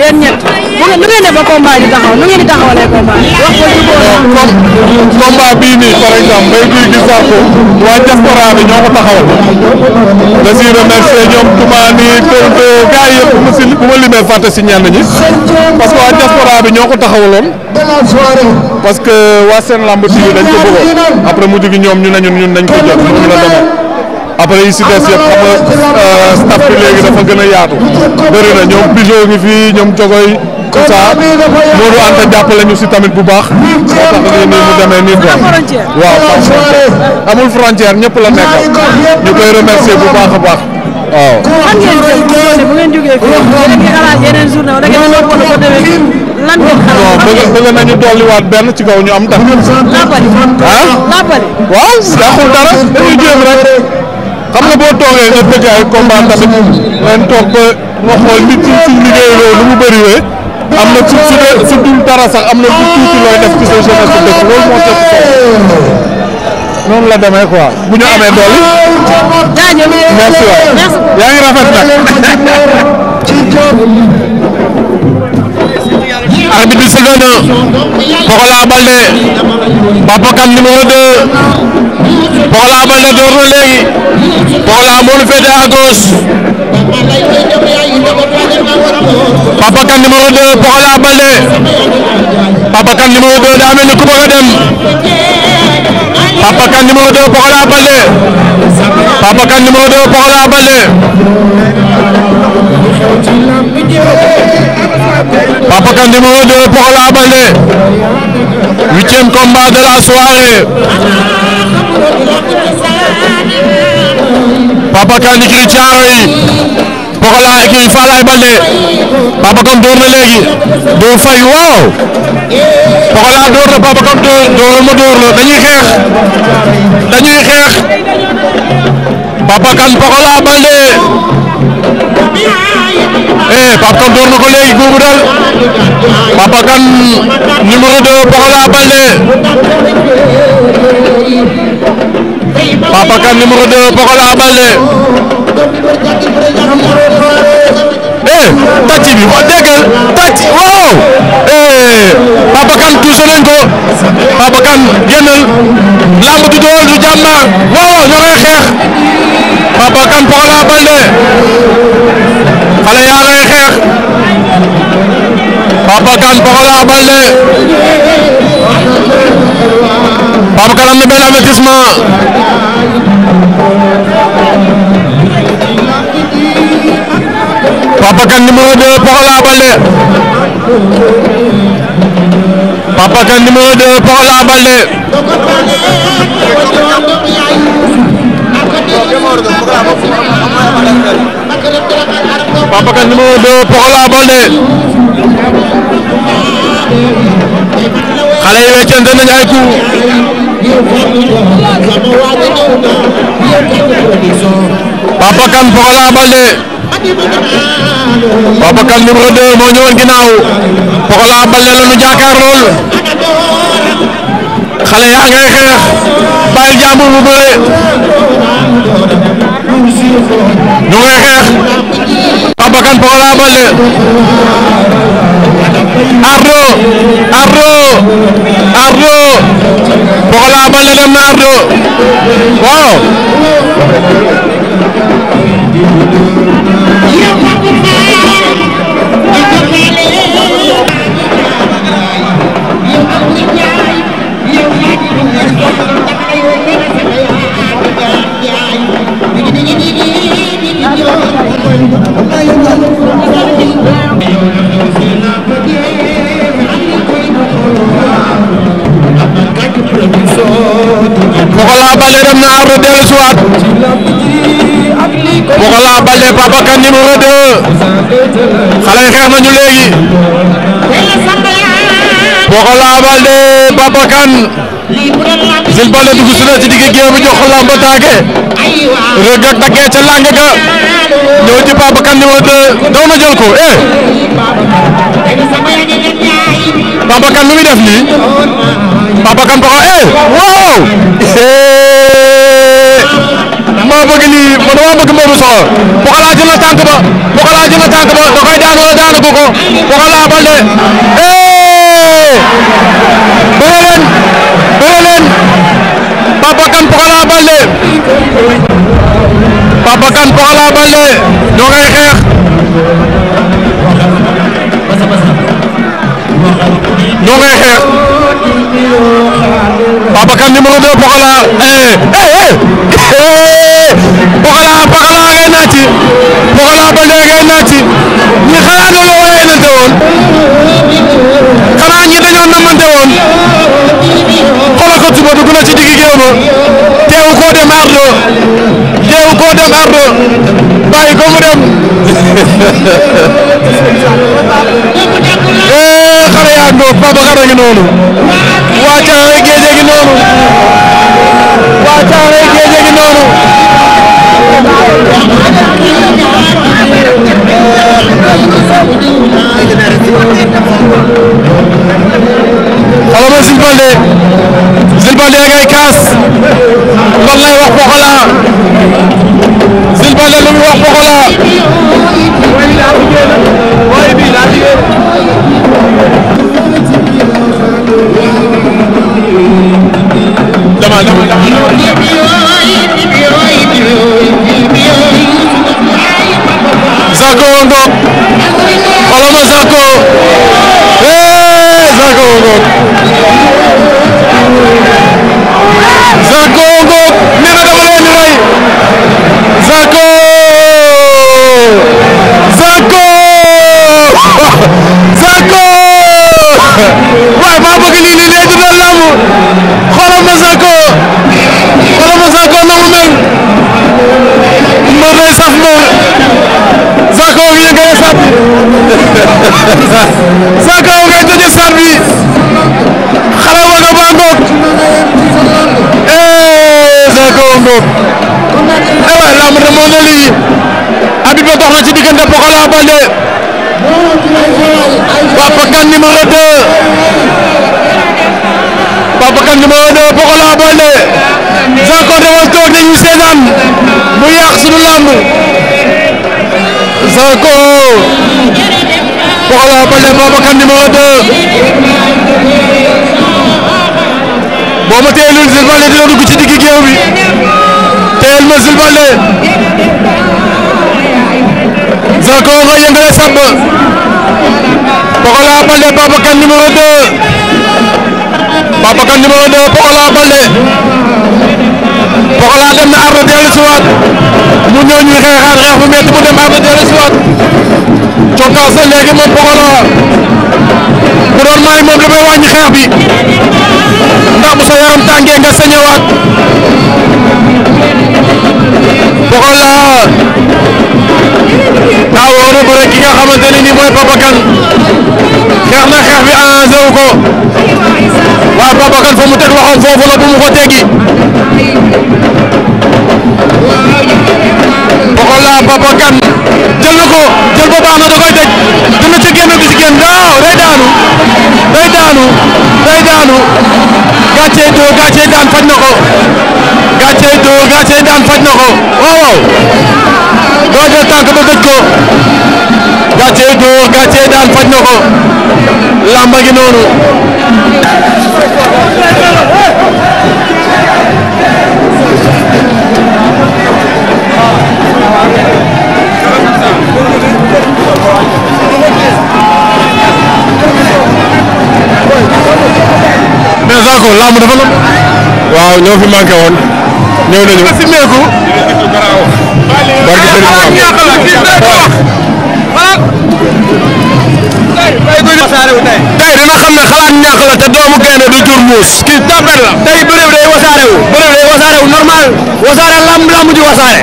yéen ñett mu ngeen nu ba combat bi taxaw nu ngeen taxawalee combat bi bii nii par exemple Mbaye Gouye Gui Zarko waa diaspora bi ñoo ko taxawal da si remercier ñoom Toumani Pelto gars yi yëpp bu ma bu ma limee fàtte si ñenn ñi parce que waa diaspora bi ñoo ko taxawaloon parce que waa seen lamb TV dañ ko bëggoon après mu jógi ñoom ñu ne ñun ñun nañ ko jot ñu la demee après yi si des yëpp xam nga euh, staff bi léegi dafa gën a yaatu bëri na ñoom pigeon ngi fii ñoom jogoy tout ça Modou Anta jàppale ñu si tamit bu baax moo tax nii nii mu demee nii quoi waaw amul frontière ñëpp la nekkal ñu koy remercier bu baax a baax waaw. lan ngeen jël bu ngeen bu ngeen jógee fii yéen a ngi xalaat yeneen journée wala ngeen ko wala ko demee lan ngeen xalaat. non bëgg bëgg nañu dolliwaat benn ci kaw ñu am tax. laabali. ah laabali. waaw daxul dara dañuy jéem rek. xam nga boo toogee nga tëgg ay combat tamit ngeen toog ba nga xool nit ci ci liggéeyloo lu mu bëriwee am na su su dul dara sax am na lu tuuti looy def ci sa jeunesse su dëkk loolu moo tëgg noonu la demee quoi bu ñu amee doole. merci waay yaa ngi rafet nag. arbitre bi sifflé na Pokola Baldé Papa Kane numéro 2 Pokola Baldé door na léegi Pokola moo ñu féete à gauche Papa Kane numéro 2 Pokola Baldé Papa Kane numéro 2 daa mel ni ku bëgg a dem Papa Kane numéro 2 Pokola Baldé Papa Kane numéro 2 Pokola Baldé Papa Kane numéro 2 Pokola Baldé huitième combat de la soirée Papa Kane écurie Thiaroye Pokola écurie Falaye Baldé Papa Kane door na léegi waaw Pokola door Papa Kane door door xeex dañuy xeex Papa Kane Pokola Baldé eh Papa Kane door na ko léegi Papa Kane numéro 2 Pokola Baldé Papa Kane numéro 2 Pokola Baldé eh tàcc bi wax déggal tàcc waaw eh Papa Kane touché nañ ko Papa Kane génnal lamb ju doon du jàmbaar waaw ñoo ngay xeex Papa Kane Pokola Baldé xale yaa ngay xeex Papa Kane Pokola Baldé Papa Kane Papa Kane numéro 2 Pokola Baldé Papa Kane numéro 2 Pokola Baldé Papa Kane numéro 2 Pokola Baldé Papa Kane numéro 2 moo ñëwoon ginnaaw Pokola Baldé la ñu jaakaar lool xale yaa ngay xeex bàyyi jàmbur bu bëre ñu ngay xeex Papa Kane Pokola Baldé Ardo Ardo Ardo Pokola Baldé dem na waaw Pokola Baldé dem na ardo dellu si waat Pokola Baldé Papa Kane numéro 2 xale yi xeex nañu léegi Pokola Baldé Papa Kane Jules Baldé dugg si na ci digg géew jox ko lamba taage rëgg ca làng ga ñëw ci Papa Kane numéro 2 daw na jël ko eh Papa Kane lu muy def nii Papa Kane ko eh waaw eh. maa bëgg lii man maa bëgg Modou Soxla Pokola jël na tànk ba Pokola jël ba da koy daan wala daanu ko ko Pokola Baldé eh bëre leen bëre leen Papa Kane Pokola Papa Kane Pokola Baldé ñoo ngay xeex ñoo ngay xeex Papa Kane numéro 2 Pokola eh eh eh Pokola eh, Pokola ngay naaj ci Pokola Baldé ngay naaj ci ñi xanaa dañoo wéyalante woon xanaa ñi dañoo namante woon xoolal ko suba dugg na ci digg géew ba teewu koo dem ardo teew koo dem ardo bàyyi ko mu dem ee eh, xale yaa ngoog Babacar a ngi noonu waa Caaroy Géej a ngi noonu waa Caaroy Géej a ngi noonu waa Caaroy Géej a ngi noonu dóor Jules Baldé Jules Baldé da ngay kaas lan lay wax Pokola Jules Baldé lu mu wax Pokola dama dama dama Zarko ngoog Zarko ngoog nee na dama leen rey Zarko Zarko Zarko waaye maa bëgg lii lii lay dundal lamb ma Zarko xoolal ma Zarko na mu mel mbër day saf mbër Zarko yéen ngay saf Zarko ngay tëj stade bi xale ba nga baa ngoog eh Zarko ngoog eh waay lamb de moo ne lii Habib ba dox na ci diggante Pokola Baldé Papa Kane numéro 2 Papa Kane numéro 2 Pokola Baldé Zarko de Wos toog nañu seetaan mu yàq sunu làmb Zarko Pokola Baldé Papa Kane numéro 2 boo ma teelul Jules Baldé dina dugg ci digg géew bi teel ma Jules Baldé Zarko nga yëngale sax ba Pokola Baldé Papa Kane numéro 2 Papa Kane numéro 2 Pokola Baldé Pokola dem na ardo dellu si waat mu ñëw ñuy xeexaat xeex bu métti mu dem ardo dellu si waat cokkaas na léegi moom Pokola bu doon maay moom damay wàññi xeex bi ndax bu sa yaram tàngee nga sañewaat Pokola. daaw woon na ki nga xamante nii mooy Papa Kane xeex na xeex bi arrangé wu ko waaw Papa Kane fa mu teg foofu la bu mu ko teggi Pokola Papa Kane jël na jël ba baax na da koy teg dina ci du ci génn daaw day daanu day daanu day daanu gàccee doo gàccee daan faj na boo jël tànk ba tëj ko gàcce dóor gàcce daan faj gi noonu mais Zarko làmb dafa lëkk. waaw ñoo fi manqué woon ñëw nañu. barke Serigne Moussa ñaata la kii day ko wax xalaat tey tey du tur muus kii tapet la tey bëréb wasaare wu bëréb wasaare wu ji wasaare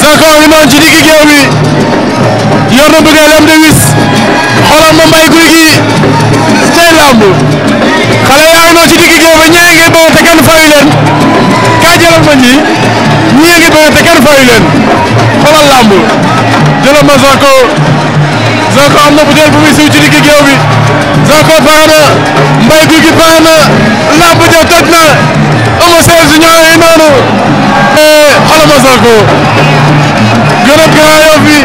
Zarko ngi noonu ci diggi géew bi yor na bëgg de wis xolam ma mbay guy gi xale yaa ngi noonu ci digg géew ba ngi bëre te kenn fayu leen ma ñii ñii ngi bëre te kenn fayu leen xoolal ma Zarko Zarko am na butéel bu muy siw ci digg géew bi Zarko mbay guy gi baax na na ama seen si ñoo ngi noonu eh, xoolal ma Zarko gën a gaayoo fi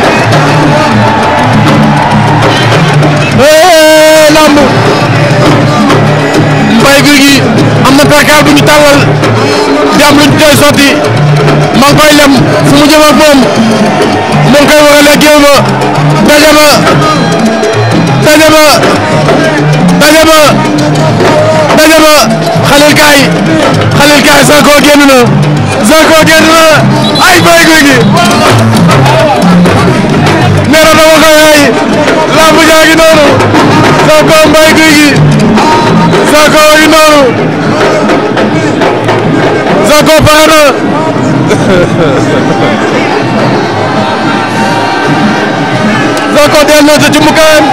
eh, waaye guy am na perkaal bu ñu tàllal di am lu ñu sotti maa koy lem fu mu jëm ak mu ngi koy warale géew ba daje ba daje ba daje ba daje ba xalil kaay xalil kaay Zarko génn na Zarko génn na ay bay guy gi nee na dama koy Zarko yi noonu Zarko pare na Zarko deel na ci jumbukaayam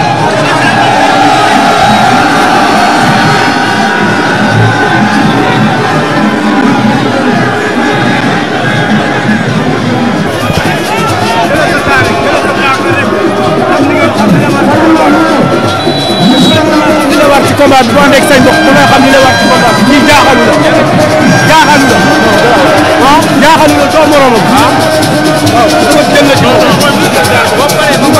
Thank you. combat bi boo ànd ak say mbokk la jaaxalu la ah jaaxalu la soo moromam. Ah. waaw la ci moom.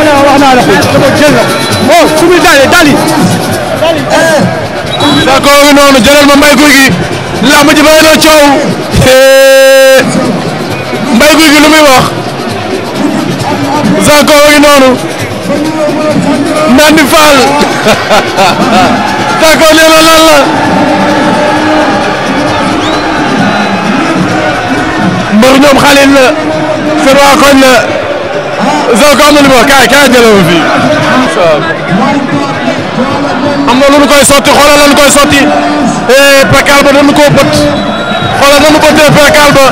bu noonu jëlal ma mbay guy gi muy wax d'accord ngi noonu Nandi Fall Paco nee na la mbër ñoom xalin la seen waa koñ la Zarko am na lu ma kaay kaay jëlee ma fii am na lu koy sotti xoolal la ñu koy sotti eh, percal ba dañu koo bët xoolal dañu bëttee percal ba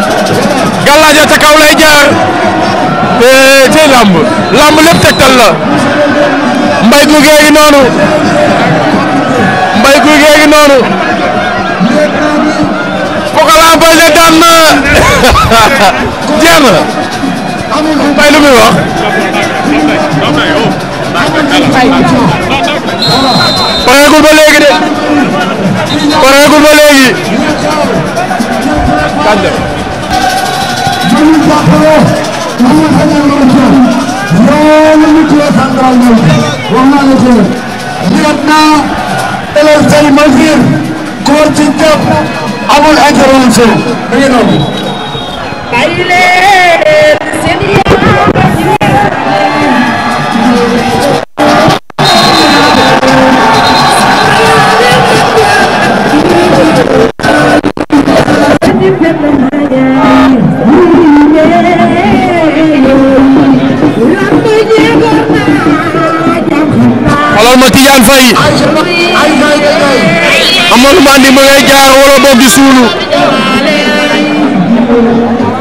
gàllaaj ca kaw jaar eh, ci lamb lamb lépp tegtal la mbay gu gee ngi noonu Mbaye guy gi ngi noonu Pokola Mbaye ne daan na jeex na Mbaye lu muy wax pareegul ba léegi de pareegul ba léegi Lieutenant élève tey Malvir góor ci jàpp amul intervention da ngeen noonu ni ma ngay jaar wala boog di suulu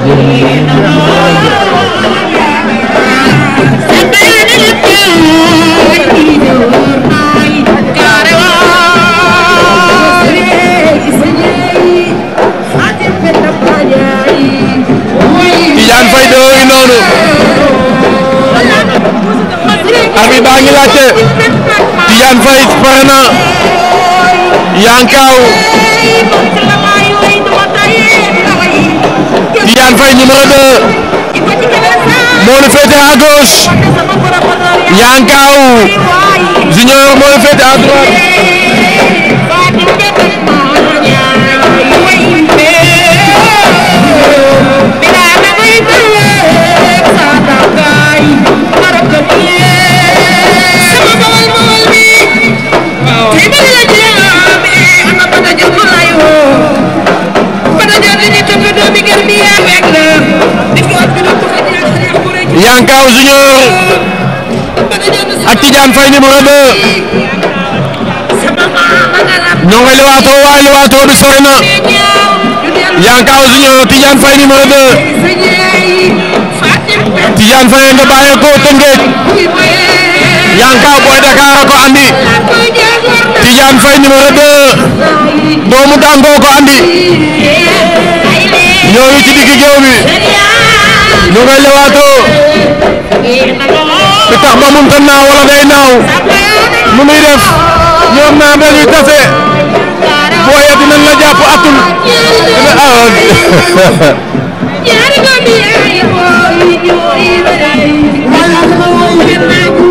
Tidiane Faye doo ngi noonu arbitre baa ngi laajte Tidiane Faye pare na Yankaw Tidiane Faye numéro 2 moo la à gauche Yankaw Junior moo la à droite Kaaw Junior ak Tidiane Faye numéro 2 ñoo ngi lewaatoo waaye lewaatoo bi sori na yaa Kaaw Junior Tidiane doomu Dango ko andi ñoo ngi ci ñu ngay lewaatoo bi tax ba mun ta naaw wala day naaw nu muy def ñoom ñaar dañuy la jàpp atul dina ah.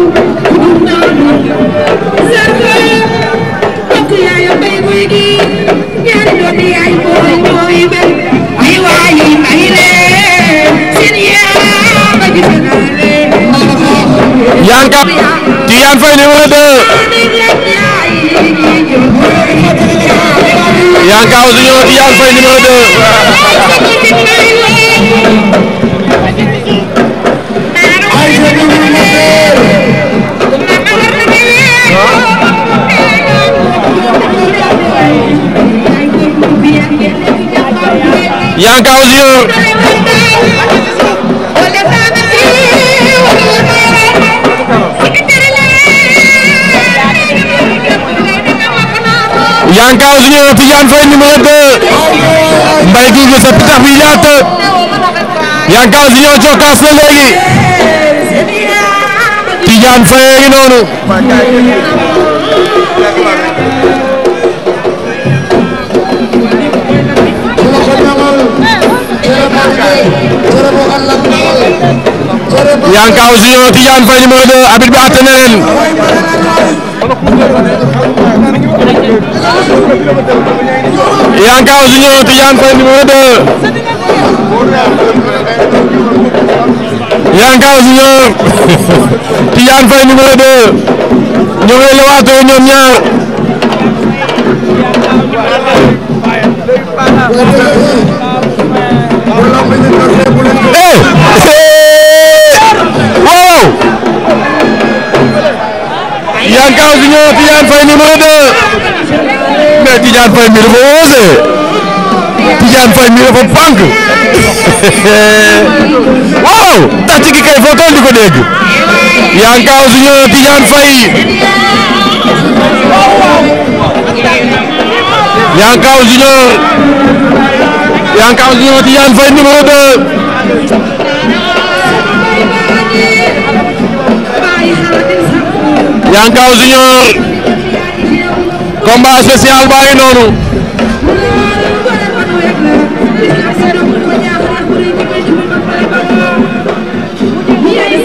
54 Tidiane Faye numéro 2 Yanka Junior Tidiane Faye numéro 2 Yanka Junior Yankaw Junior Tidiane Faye numéro 2 Mbaye Gouye Gui sa pitax bi ñaata Yankaw Junior jokkaas na léegi Tidiane Faye ngi noonu Yankaw Junior Tidiane Faye numéro 2 arbitre bi àtte na leen Yankaaw Junior Tidiane Faye numéro 2 Junior Tidiane Faye numéro 2 ñu ngi la waatoo ñoom Yankaw Junior Tidiane Faye numéro 2 mais Tidiane Faye mi dafa osé Tidiane Faye mi dafa pànk waaw gi kay foo di ko dégg Yankaw Junior Tidiane Faye Yankaw Junior Yankaw Junior Tidiane Faye numéro 2 Yankaw Junior combat spécial baa ngi noonu eh ah Tidiane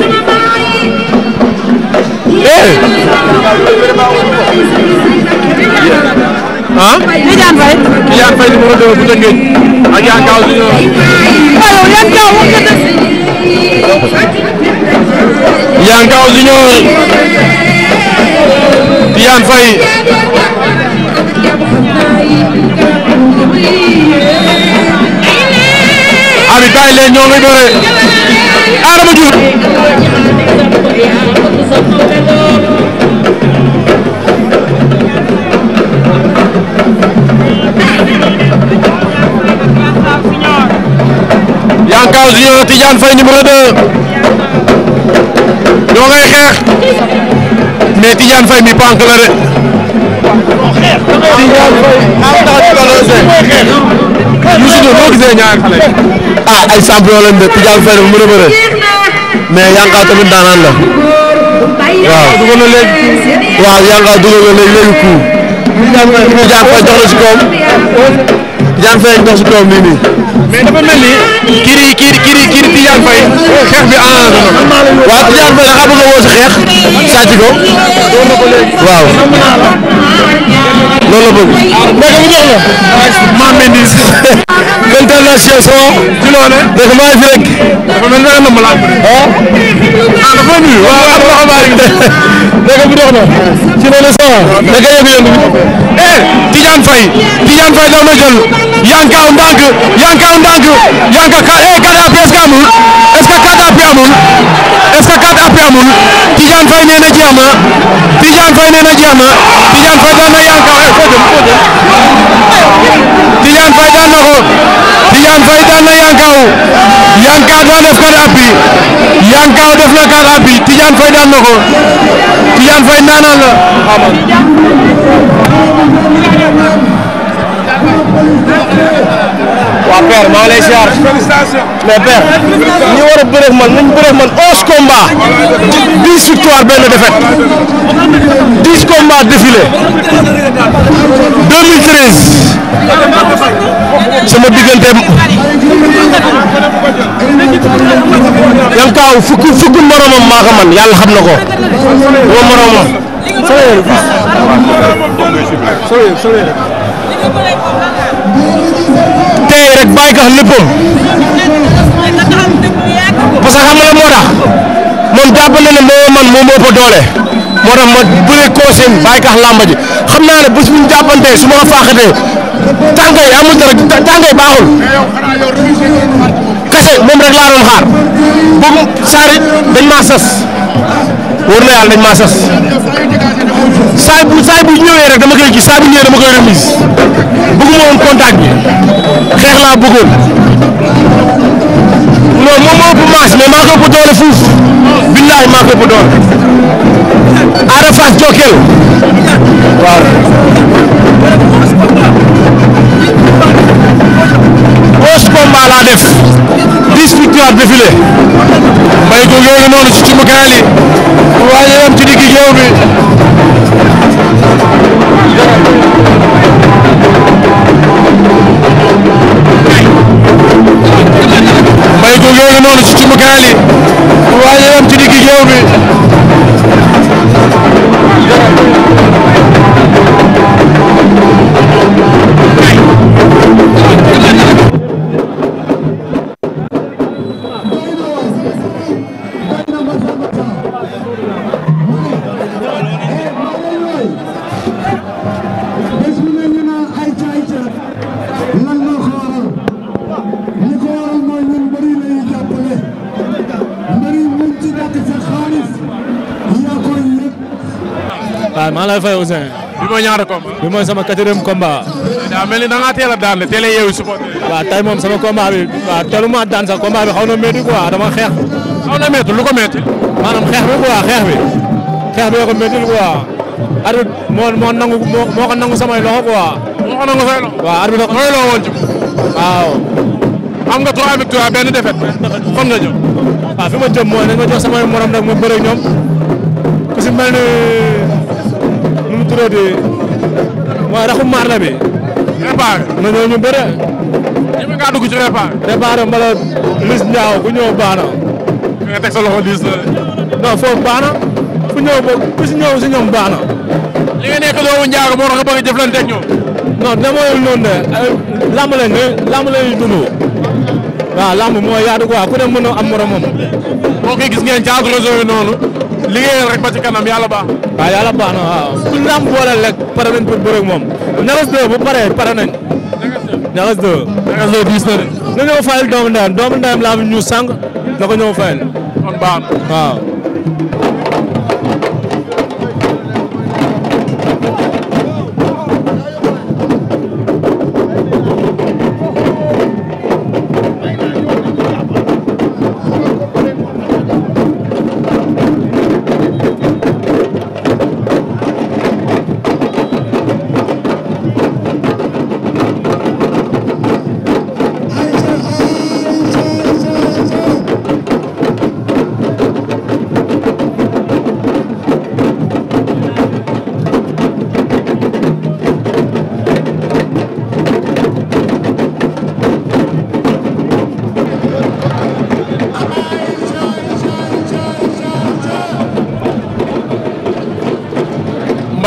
Faye Tidiane Faye numéro 2 bu Tëngéej ak Yankaw Junior alors Yankaw Yankaw Junior Tidiane Faye abi bàyyi leen ñoo ngi bëre Adama Diouf Yankaw Junior Tidiane Faye numéro 2 ñoo ngay xeex mais Tidiane Faye mi pank la de. Tidiane Faye. Youssou Ndour ah, ay champion lañ de Tidiane Faye dafa mën a bëre mais Yankaw la waaw. dugal na léegi waaw Yankaw dugal na léegi léegi coup. Tidiane Faye jox na Tidiane Faye dox doom nii nii. mais dafa mel ni. kii kii kii kii xeex bi arrangé ah, waaw Tidiane Faye dafa bëgg a international soo. ci loonee. dëgg maa ngi fi rek. dafa mel ni dama la am. ah. ah dafa nuyu. waaw waaw waaw xabaar yi. dëgg bu dox na. ci loonee ça va. naka yëngu-yëngu bi. eh Tidiane Faye. Tidiane Faye dama jël. yankaaw ndànk yankaaw ndànk yanka ka eh carte d'appui est-ce que amul. est-ce que carte d'appui amul. est-ce que carte d'appui amul. Tidiane Faye nee na jeex na. Tidiane Faye nee na jeex na. Tidiane Faye daan na yankaaw eh foo jëm foo jëm. Tidiane Faye daan na ko. Tidiane Faye daan na Yankaw Yankaw daan def quatre appuis Yankaw def na quatre appuis Tidiane Faye daan na ko Tidiane Faye ndaanaan la waa père maa ngi lay ziar war a man nañ bëreeg man onze combats dix victoire benn défaite dix combats défilé 2013 sama diggante yan kaaw fukk fukk maa ko man yàlla xam na ko boo moromam. ak bàyyi kax léppam parce que xam nga moo tax moom jàpp na moo man moom moo ëpp doole moo tax ma bëree conseil bàyyi kax làmba ji xam naa ne bés bu ñu jàppantee su ma faaxatee tànk yi amul dara tànk yi baaxul kese moom rek laa doon xaar boobu saari dañ maa sas. wóor na yàlla dañ maa saay bu saay bu ñëwee rek dama koy gis saay bu ñëwee dama koy remise bëgguma woon contact bi xeex laa bëggoon non moom moo ëpp maas mais maa ko ëpp fuuf billaahi maa ko ëpp doole Ada waaw onze combat def dix huit ñëwaat défilé mbay ko yooyu noonu ci cumbu gaal yi waaye yam ci diggi géew bi mbay ko yooyu noonu ci cumbu gaal yi waaye yam ci diggi géew bi lay fay Ousseyn. bi mooy ñaata combat. bi mooy sama quatrième combat. daa mel ni da ngaa teel a daan de teel a yeewu supporter. waaw tey moom sama combat bi waaw teeluma daan sax combat bi xaw na métti quoi dama xeex. xaw na métti lu ko métti. maanaam xeex bi quoi xeex bi. xeex bi ko métti quoi. arbitre moo moo nangu moo moo ko nangu samay loxo quoi. moo ko nangu samay loxo. waaw arbitre la ko mooy loo woon ci. waaw. am nga trois victoires benn défaite. fan nga jëm. waaw fi ma jëm mooy nañ ma jox samay morom rek ma bëre ñoom ku si mel ni tuddati mooy raxu maar la bi. réparé na ñoo ñu bëre. ñu ngi dugg ci réparé. réparé mbala Liss Ndiago bu ñëw baana. nga teg sa loxo diis la. non foofu baana fu ñëw ba ku si ñëw si ñoom baana. li nga nekk doomu Ndiago moo tax nga bëgg a jëflante ak ñoom. noonu ne làmb lañuy dund. waaw làmb mooy yaatu quoi ku ne mën a am moromam. boo gis ngeen caatu réseau noonu. liggéeyal rek ba ci kanam yàlla baax. waaw yàlla baax na waaw. suñu naam booleel rek pare nañ pour bëre ak moom. ñagas dëgg bu paree pare nañ. ñagas dëgg. ñagas dëgg diis na de. na ñëw fayal doomu ndeyam doomu ndeyam laa ñu sànq na ko ñëw fayal. kon na waaw.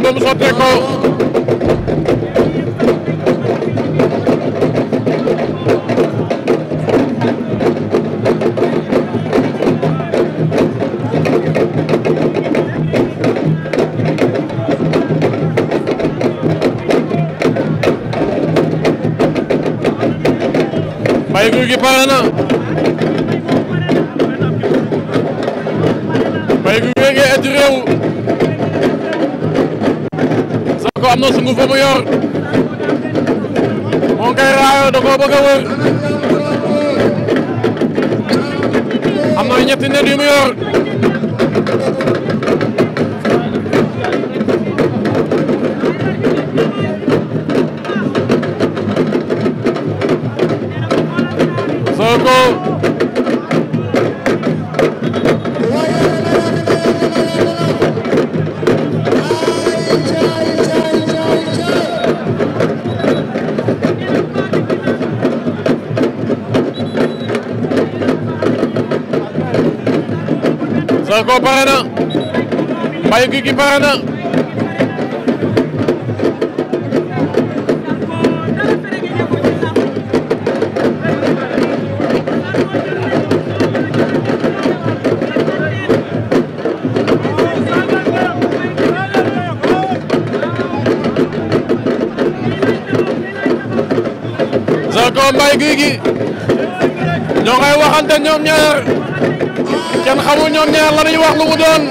door ba mu sottee ko Mbaye Gouy Gui pare na Mbaye Gouy Gui ngi etu réew am na sunguf ba mu yor raayoo da koo bëgg am na ñetti nen yu Zarko pare na Mbaye Gouy Gui pare na Zarko Mbaye Gouy waxante ñoom ñaar kenn xamul ñoom ñaar la ñuy wax lu mu doon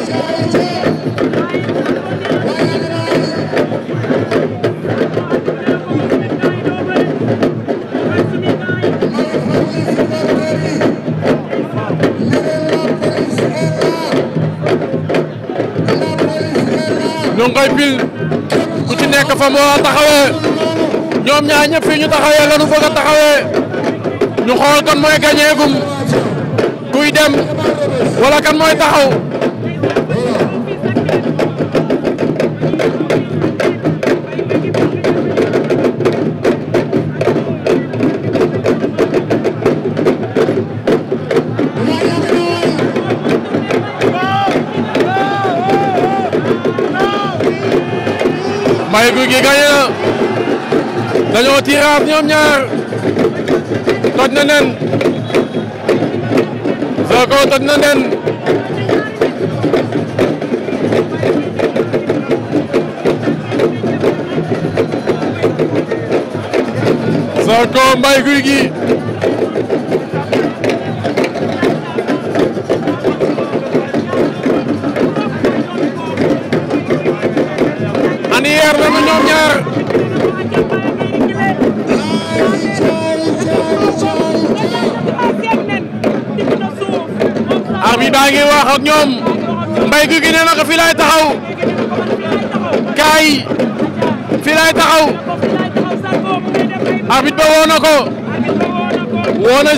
ñu koy pil ku ci nekk fa moo taxawee ñoom ñaar ñëpp fii ñu taxawee la ñu bëgg a taxawee ñu xool kon mooy gañeegum kuy dem wala kan mooy taxaw Mbaye Gouy Gui gagné na dañoo tiraat ñoom ñaar toj na Sokh toj na nen Sokh Mbaye Gouy yeer na ñoom ñaar bi baa ngi wax ak ñoom nee na ko fii taxaw kaay fii laay taxaw arbitre ba woo na ko woo na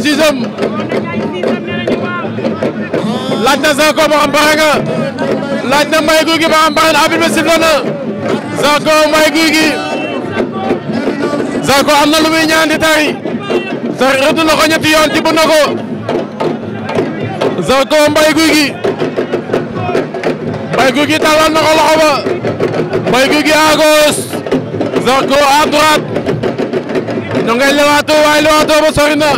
ba xam pare nga laaj na mbay gi ba xam pare na arbitre bi sifflé lu muy ñaan di tari na ko ñetti yoon tibb na Zarko Mbaye Gouy Gui Mbaye Gouy Gui tàllal na ko loxo ba Mbaye Gouy Gui à gauche Zarko à droite ñu ngay lewaatoo waaye lewaatoo ba sori na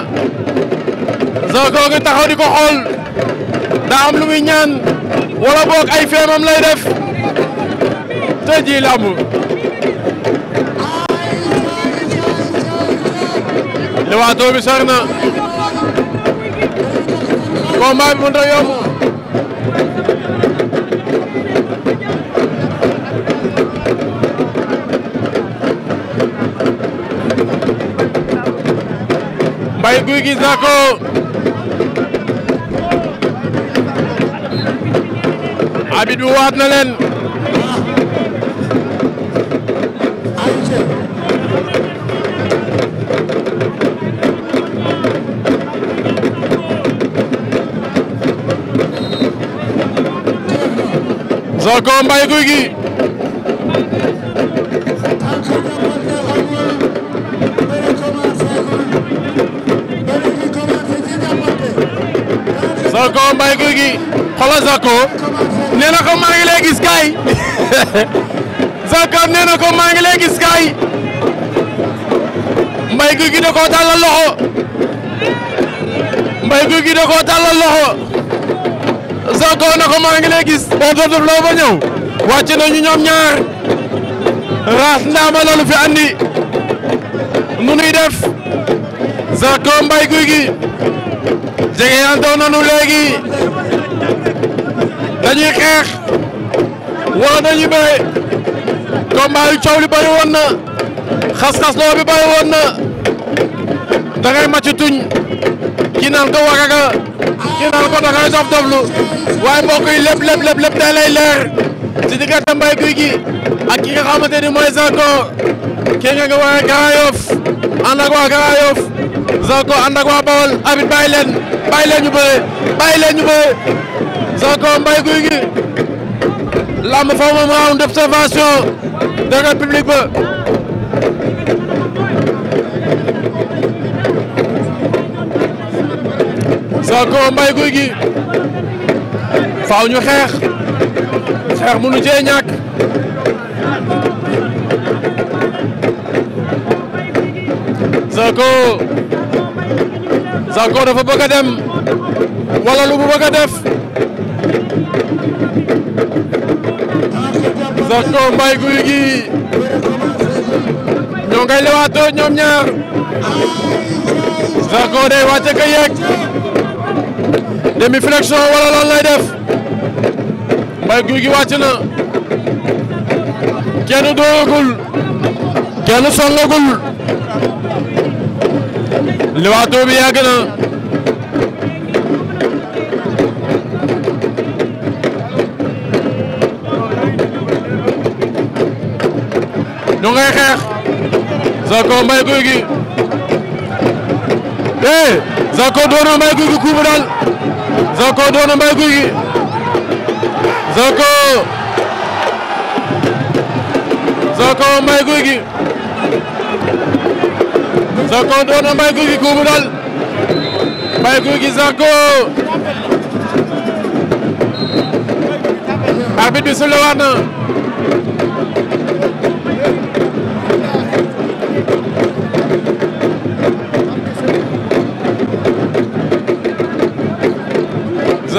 Zarko ngi taxaw ko xool daa am lu muy ñaan wala boog ay feemam lay def te ji làmb lewaatoo bi sori na combat bi mënut a yomb Mbaye Gouye abit bi waat na leen Zarko Mbaye Gouy Gui Zarko Mbaye Gouy nee na ko maa ngi lay gis kaay Zarko nee na ko ngi lay gis kaay Mbaye Gouy Gui loxo Mbaye Gouy Gui da loxo Zarko na ko maa ngi lay gis Bordeaux daf loo ba ñëw wàcc nañu ñoom ñaar raas ndaama loolu fi andi nu nuy def Zarko mbay guy gi jege yantoo nanu léegi dañuy xeex wala dañuy bëre combat yu coow li bëri woon xas-xas loo bi bëri woon na da ngay màcc tuñ ki naan ko wagaga kii naan ko da ngay dof doflu waaye mbokk yi lépp lépp lépp lépp day lay leer ci diggante Mbaye Gouy Gui ak ki nga xamante ni mooy Zarko kii nga nga waa Grand Yoff ànd ak waa Grand Yoff Zarko ànd ak waa Bawol abit bàyyi leen bàyyi leen ñu bëre bàyyi leen ñu bëre Zarko Mbaye Gouy Gui lamb foofu moom round d'observation dëgg public ba Zarko ko Mbaye Gouy Gui faaw ñu xeex xeex mënu cee ñàkk Zarko Zarko dafa bëgg a dem wala lu mu bëgg a def Zarko Mbaye Gouy Gui ñoo ngay lewaatoo ñoom ñaar Zarko day wàcce ka yegg demi flexion wala lan lay def Mbaye Gouy Gui wàcc na kenn dooragul kenn songagul liwaatoo bi yàgg na ñu ngay xeex Zarko Mbaye Gouy Gui eh Zarko doon na Mbaye Zarko doon na Mbaye Gouy Gui Zarko Zarko Mbaye Gouy Gui Zarko doon na Mbaye Gouy Gui kuubu dal Mbaye Gouy Gui Zarko arbitre bi sifle waat na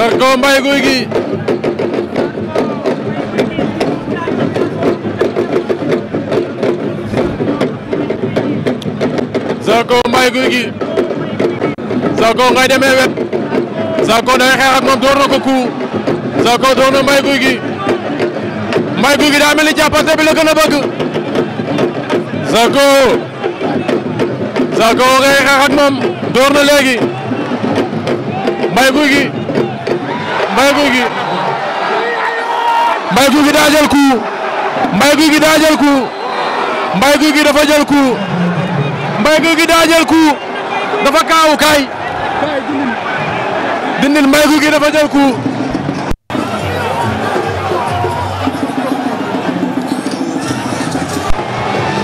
Kar Ko Mbaye Gouy Gui Zarko ngay demee wet Zarko day xeex moom door na ko ku Zarko door na Mbaye Gouy Gui Mbaye Gouy Gui daa mel ni jàppante bi la bëgg Zarko Zarko ngay xeex moom door na léegi Mbaye Gouy Gui Mbaye Gouy gi Mbaye Gouy Gui daa jël ku Mbaye Gouy Gui daa jël ku Mbaye Gouy Gui dafa jël ku Mbaye Gouy Gui daa jël ku dafa kaawu kaay dindil Mbaye Gouy Gui ku